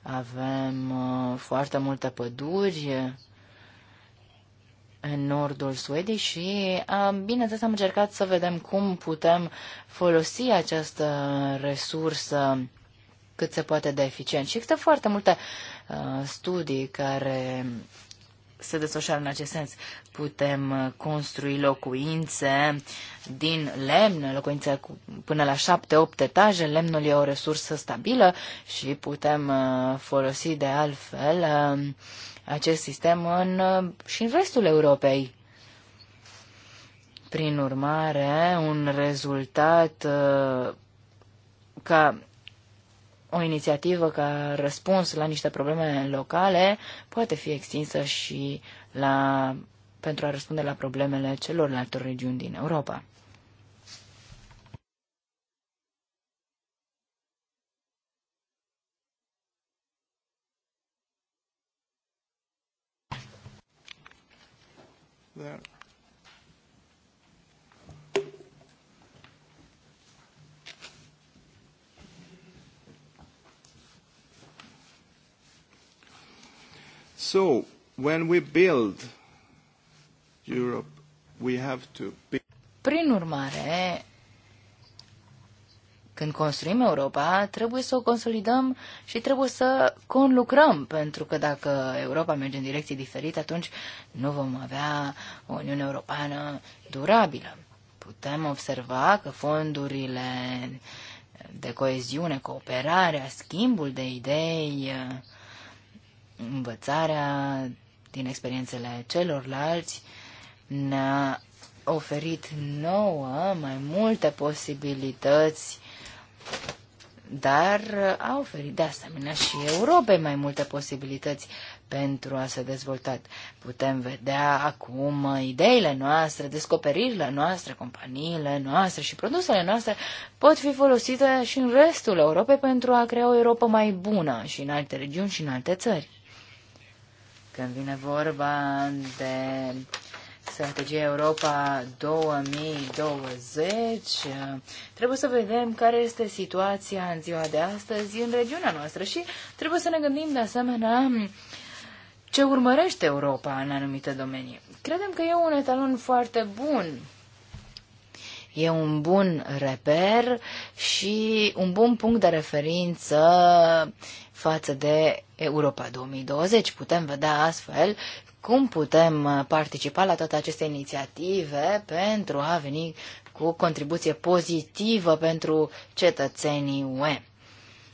Avem uh, foarte multe păduri uh, în nordul Suediei și, uh, bineînțeles, am încercat să vedem cum putem folosi această resursă cât se poate de eficient. Și există foarte multe studii care se desfășoară în acest sens. Putem uh, construi locuințe din lemn, locuințe cu până la șapte-opt etaje. Lemnul e o resursă stabilă și putem uh, folosi de altfel um, acest sistem în, uh, și în restul Europei. Prin urmare, un rezultat ca o inițiativă ca răspuns la niște probleme locale poate fi extinsă și la, pentru a răspunde la problemele celorlalte regiuni din Europa. There. So, when we build Europe, we have to be... Prin urmare, când construim Europa, trebuie să o consolidăm și trebuie să conlucrăm, pentru că dacă Europa merge în direcții diferite, atunci nu vom avea o Uniune Europeană durabilă. Putem observa că fondurile de coeziune, cooperarea, schimbul de idei, uh, învățarea din experiențele celorlalți ne-a oferit nouă mai multe posibilități, dar a oferit de asemenea și Europei mai multe posibilități pentru a se dezvolta. Putem vedea acum ideile noastre, descoperirile noastre, companiile noastre și produsele noastre pot fi folosite și în restul Europei pentru a crea o Europa mai bună și în alte regiuni și în alte țări. Când vine vorba de strategia Europa 2020, trebuie să vedem care este situația în ziua de astăzi în regiunea noastră și trebuie să ne gândim de asemenea ce urmărește Europa în anumite domenii. Credem că e un etalon foarte bun e un bun reper și un bun punct de referință față de Europa 2020. Putem vedea astfel cum putem uh, participa la toate aceste inițiative pentru a veni cu o contribuție pozitivă pentru cetățenii UE.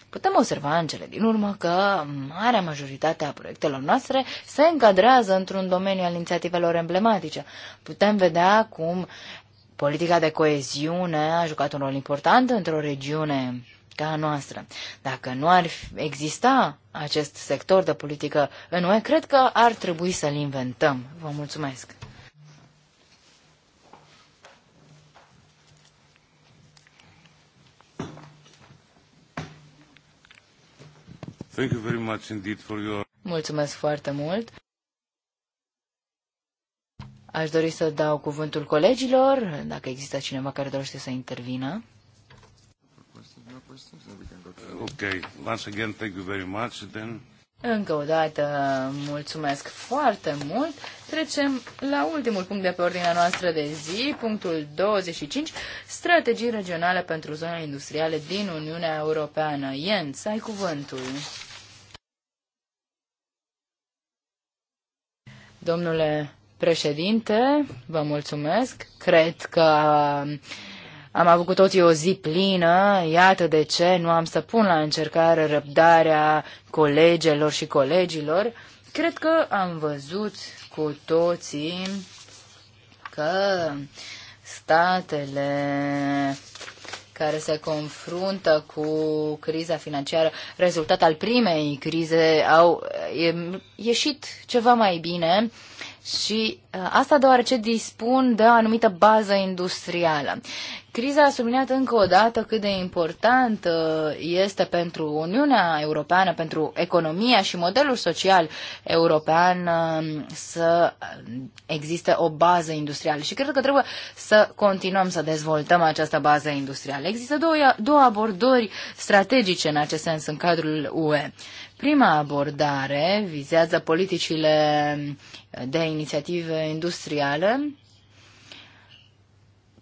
Putem observa în cele din urmă că marea majoritate a proiectelor noastre se încadrează într-un domeniu al inițiativelor emblematice. Putem vedea cum politica de coeziune a jucat un rol important într-o regiune ca a noastră. Dacă nu ar exista acest sector de politică în UE, cred că ar trebui să-l inventăm. Vă mulțumesc! Thank you very much indeed for your... Mulțumesc foarte mult! Aș dori să dau cuvântul colegilor, dacă există cineva care dorește să intervină questions, we can go to... Okay, once again, thank you very much. Then... Încă o dată, mulțumesc foarte mult. Trecem la ultimul punct de pe ordinea noastră de zi, punctul 25, strategii regionale pentru zonele industriale din Uniunea Europeană. Jens, ai cuvântul. Domnule președinte, vă mulțumesc. Cred că am avut cu toții o zi plină, iată de ce nu am să pun la încercare răbdarea colegelor și colegilor. Cred că am văzut cu toții că statele care se confruntă cu criza financiară, rezultat al primei crize, au ieșit ceva mai bine și uh, asta deoarece dispun de o anumită bază industrială. Criza a subliniat încă o dată cât de important uh, este pentru Uniunea Europeană, pentru economia și modelul social european um, să existe o bază industrială. Și cred că trebuie să continuăm să dezvoltăm această bază industrială. Există două, două abordări strategice în acest sens în cadrul UE. Prima abordare vizează politicile de inițiative industriale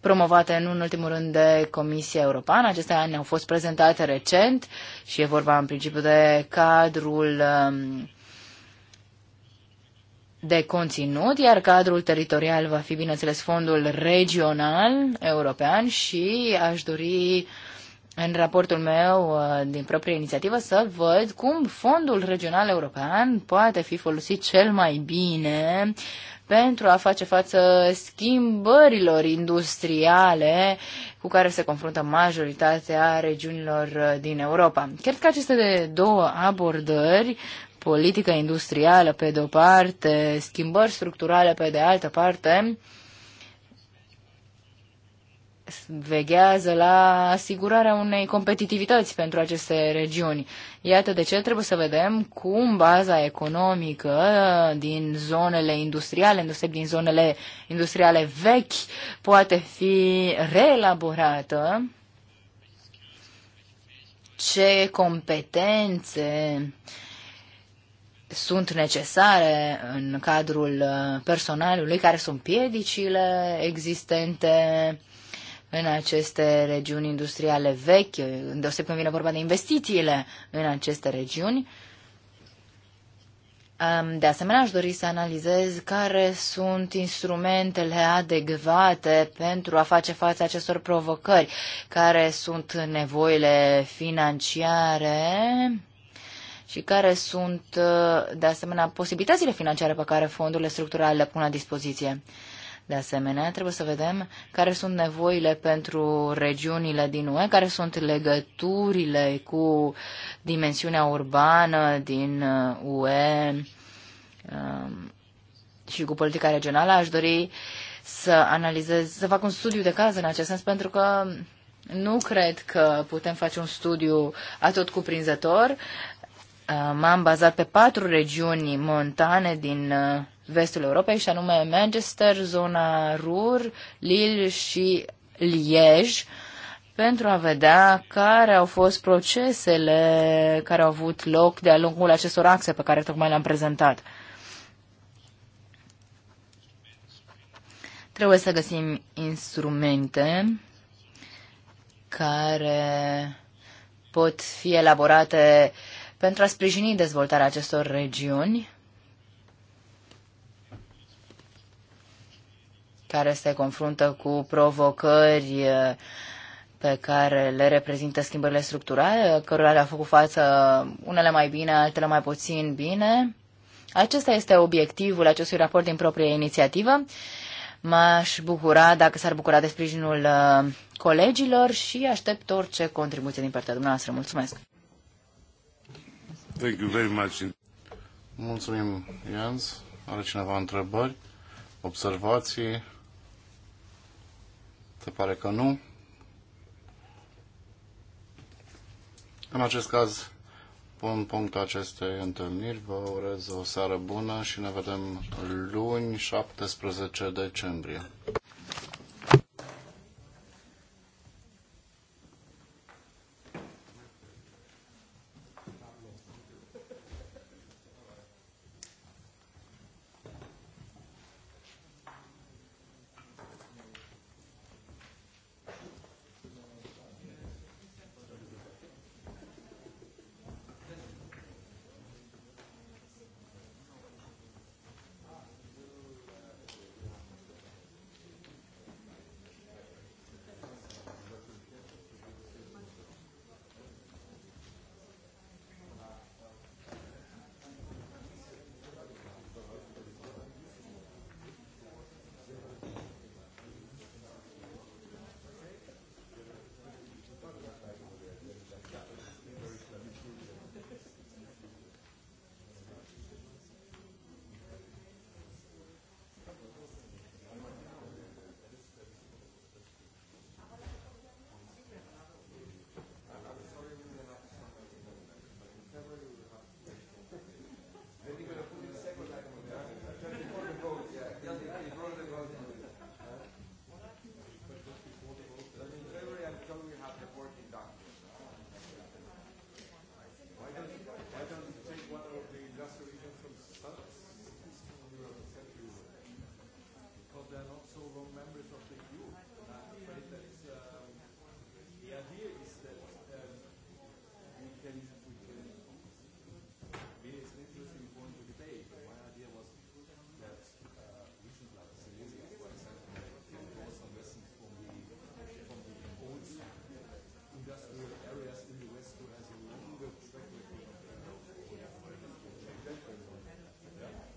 promovate în, în ultimul rând de Comisia Europeană. Acestea ne-au fost prezentate recent și e vorba în principiu de cadrul um, de conținut, iar cadrul teritorial va fi, bineînțeles, fondul regional european și aș dori uh, în raportul meu uh, din proprie inițiativă să văd cum fondul regional european poate fi folosit cel mai bine pentru a face față schimbărilor industriale cu care se confruntă majoritatea regiunilor uh, din Europa. Cred că aceste două abordări politică industrială pe de o parte, schimbări structurale pe de altă parte, veghează la asigurarea unei competitivități pentru aceste regiuni. Iată de ce trebuie să vedem cum baza economică din zonele industriale, îndeosebi din zonele industriale vechi, poate fi reelaborată, ce competențe sunt necesare în cadrul personalului, care sunt piedicile existente, în aceste regiuni industriale vechi, îndeoseb când vine vorba de investițiile în aceste regiuni. De asemenea, aș dori să analizez care sunt instrumentele adecvate pentru a face față acestor provocări, care sunt nevoile financiare și care sunt, de asemenea, posibilitățile financiare pe care fondurile structurale le pun la dispoziție. De asemenea, trebuie să vedem care sunt nevoile pentru regiunile din UE, care sunt legăturile cu dimensiunea urbană din uh, UE um, și cu politica regională. Aș dori să analizez, să fac un studiu de caz în acest sens, pentru că nu cred că putem face un studiu atot cuprinzător. Uh, m-am bazat pe patru regiuni montane din uh, vestul Europei, și anume Manchester, zona Rur, Lille și Liege, pentru a vedea care au fost procesele care au avut loc de-a lungul acestor axe pe care tocmai le-am prezentat. Trebuie să găsim instrumente care pot fi elaborate pentru a sprijini dezvoltarea acestor regiuni care se confruntă cu provocări uh, pe care le reprezintă schimbările structurale, cărora le-a făcut față unele mai bine, altele mai puțin bine. Acesta este obiectivul acestui raport din proprie inițiativă. M-aș bucura dacă s-ar bucura de sprijinul uh, colegilor și aștept orice contribuție din partea dumneavoastră. Mulțumesc! Thank you very much. Mulțumim, Jens. Are cineva întrebări, observații? Se pare că nu. În acest caz, pun punct acestei întâlniri. Vă urez o seară bună și ne vedem luni 17 decembrie.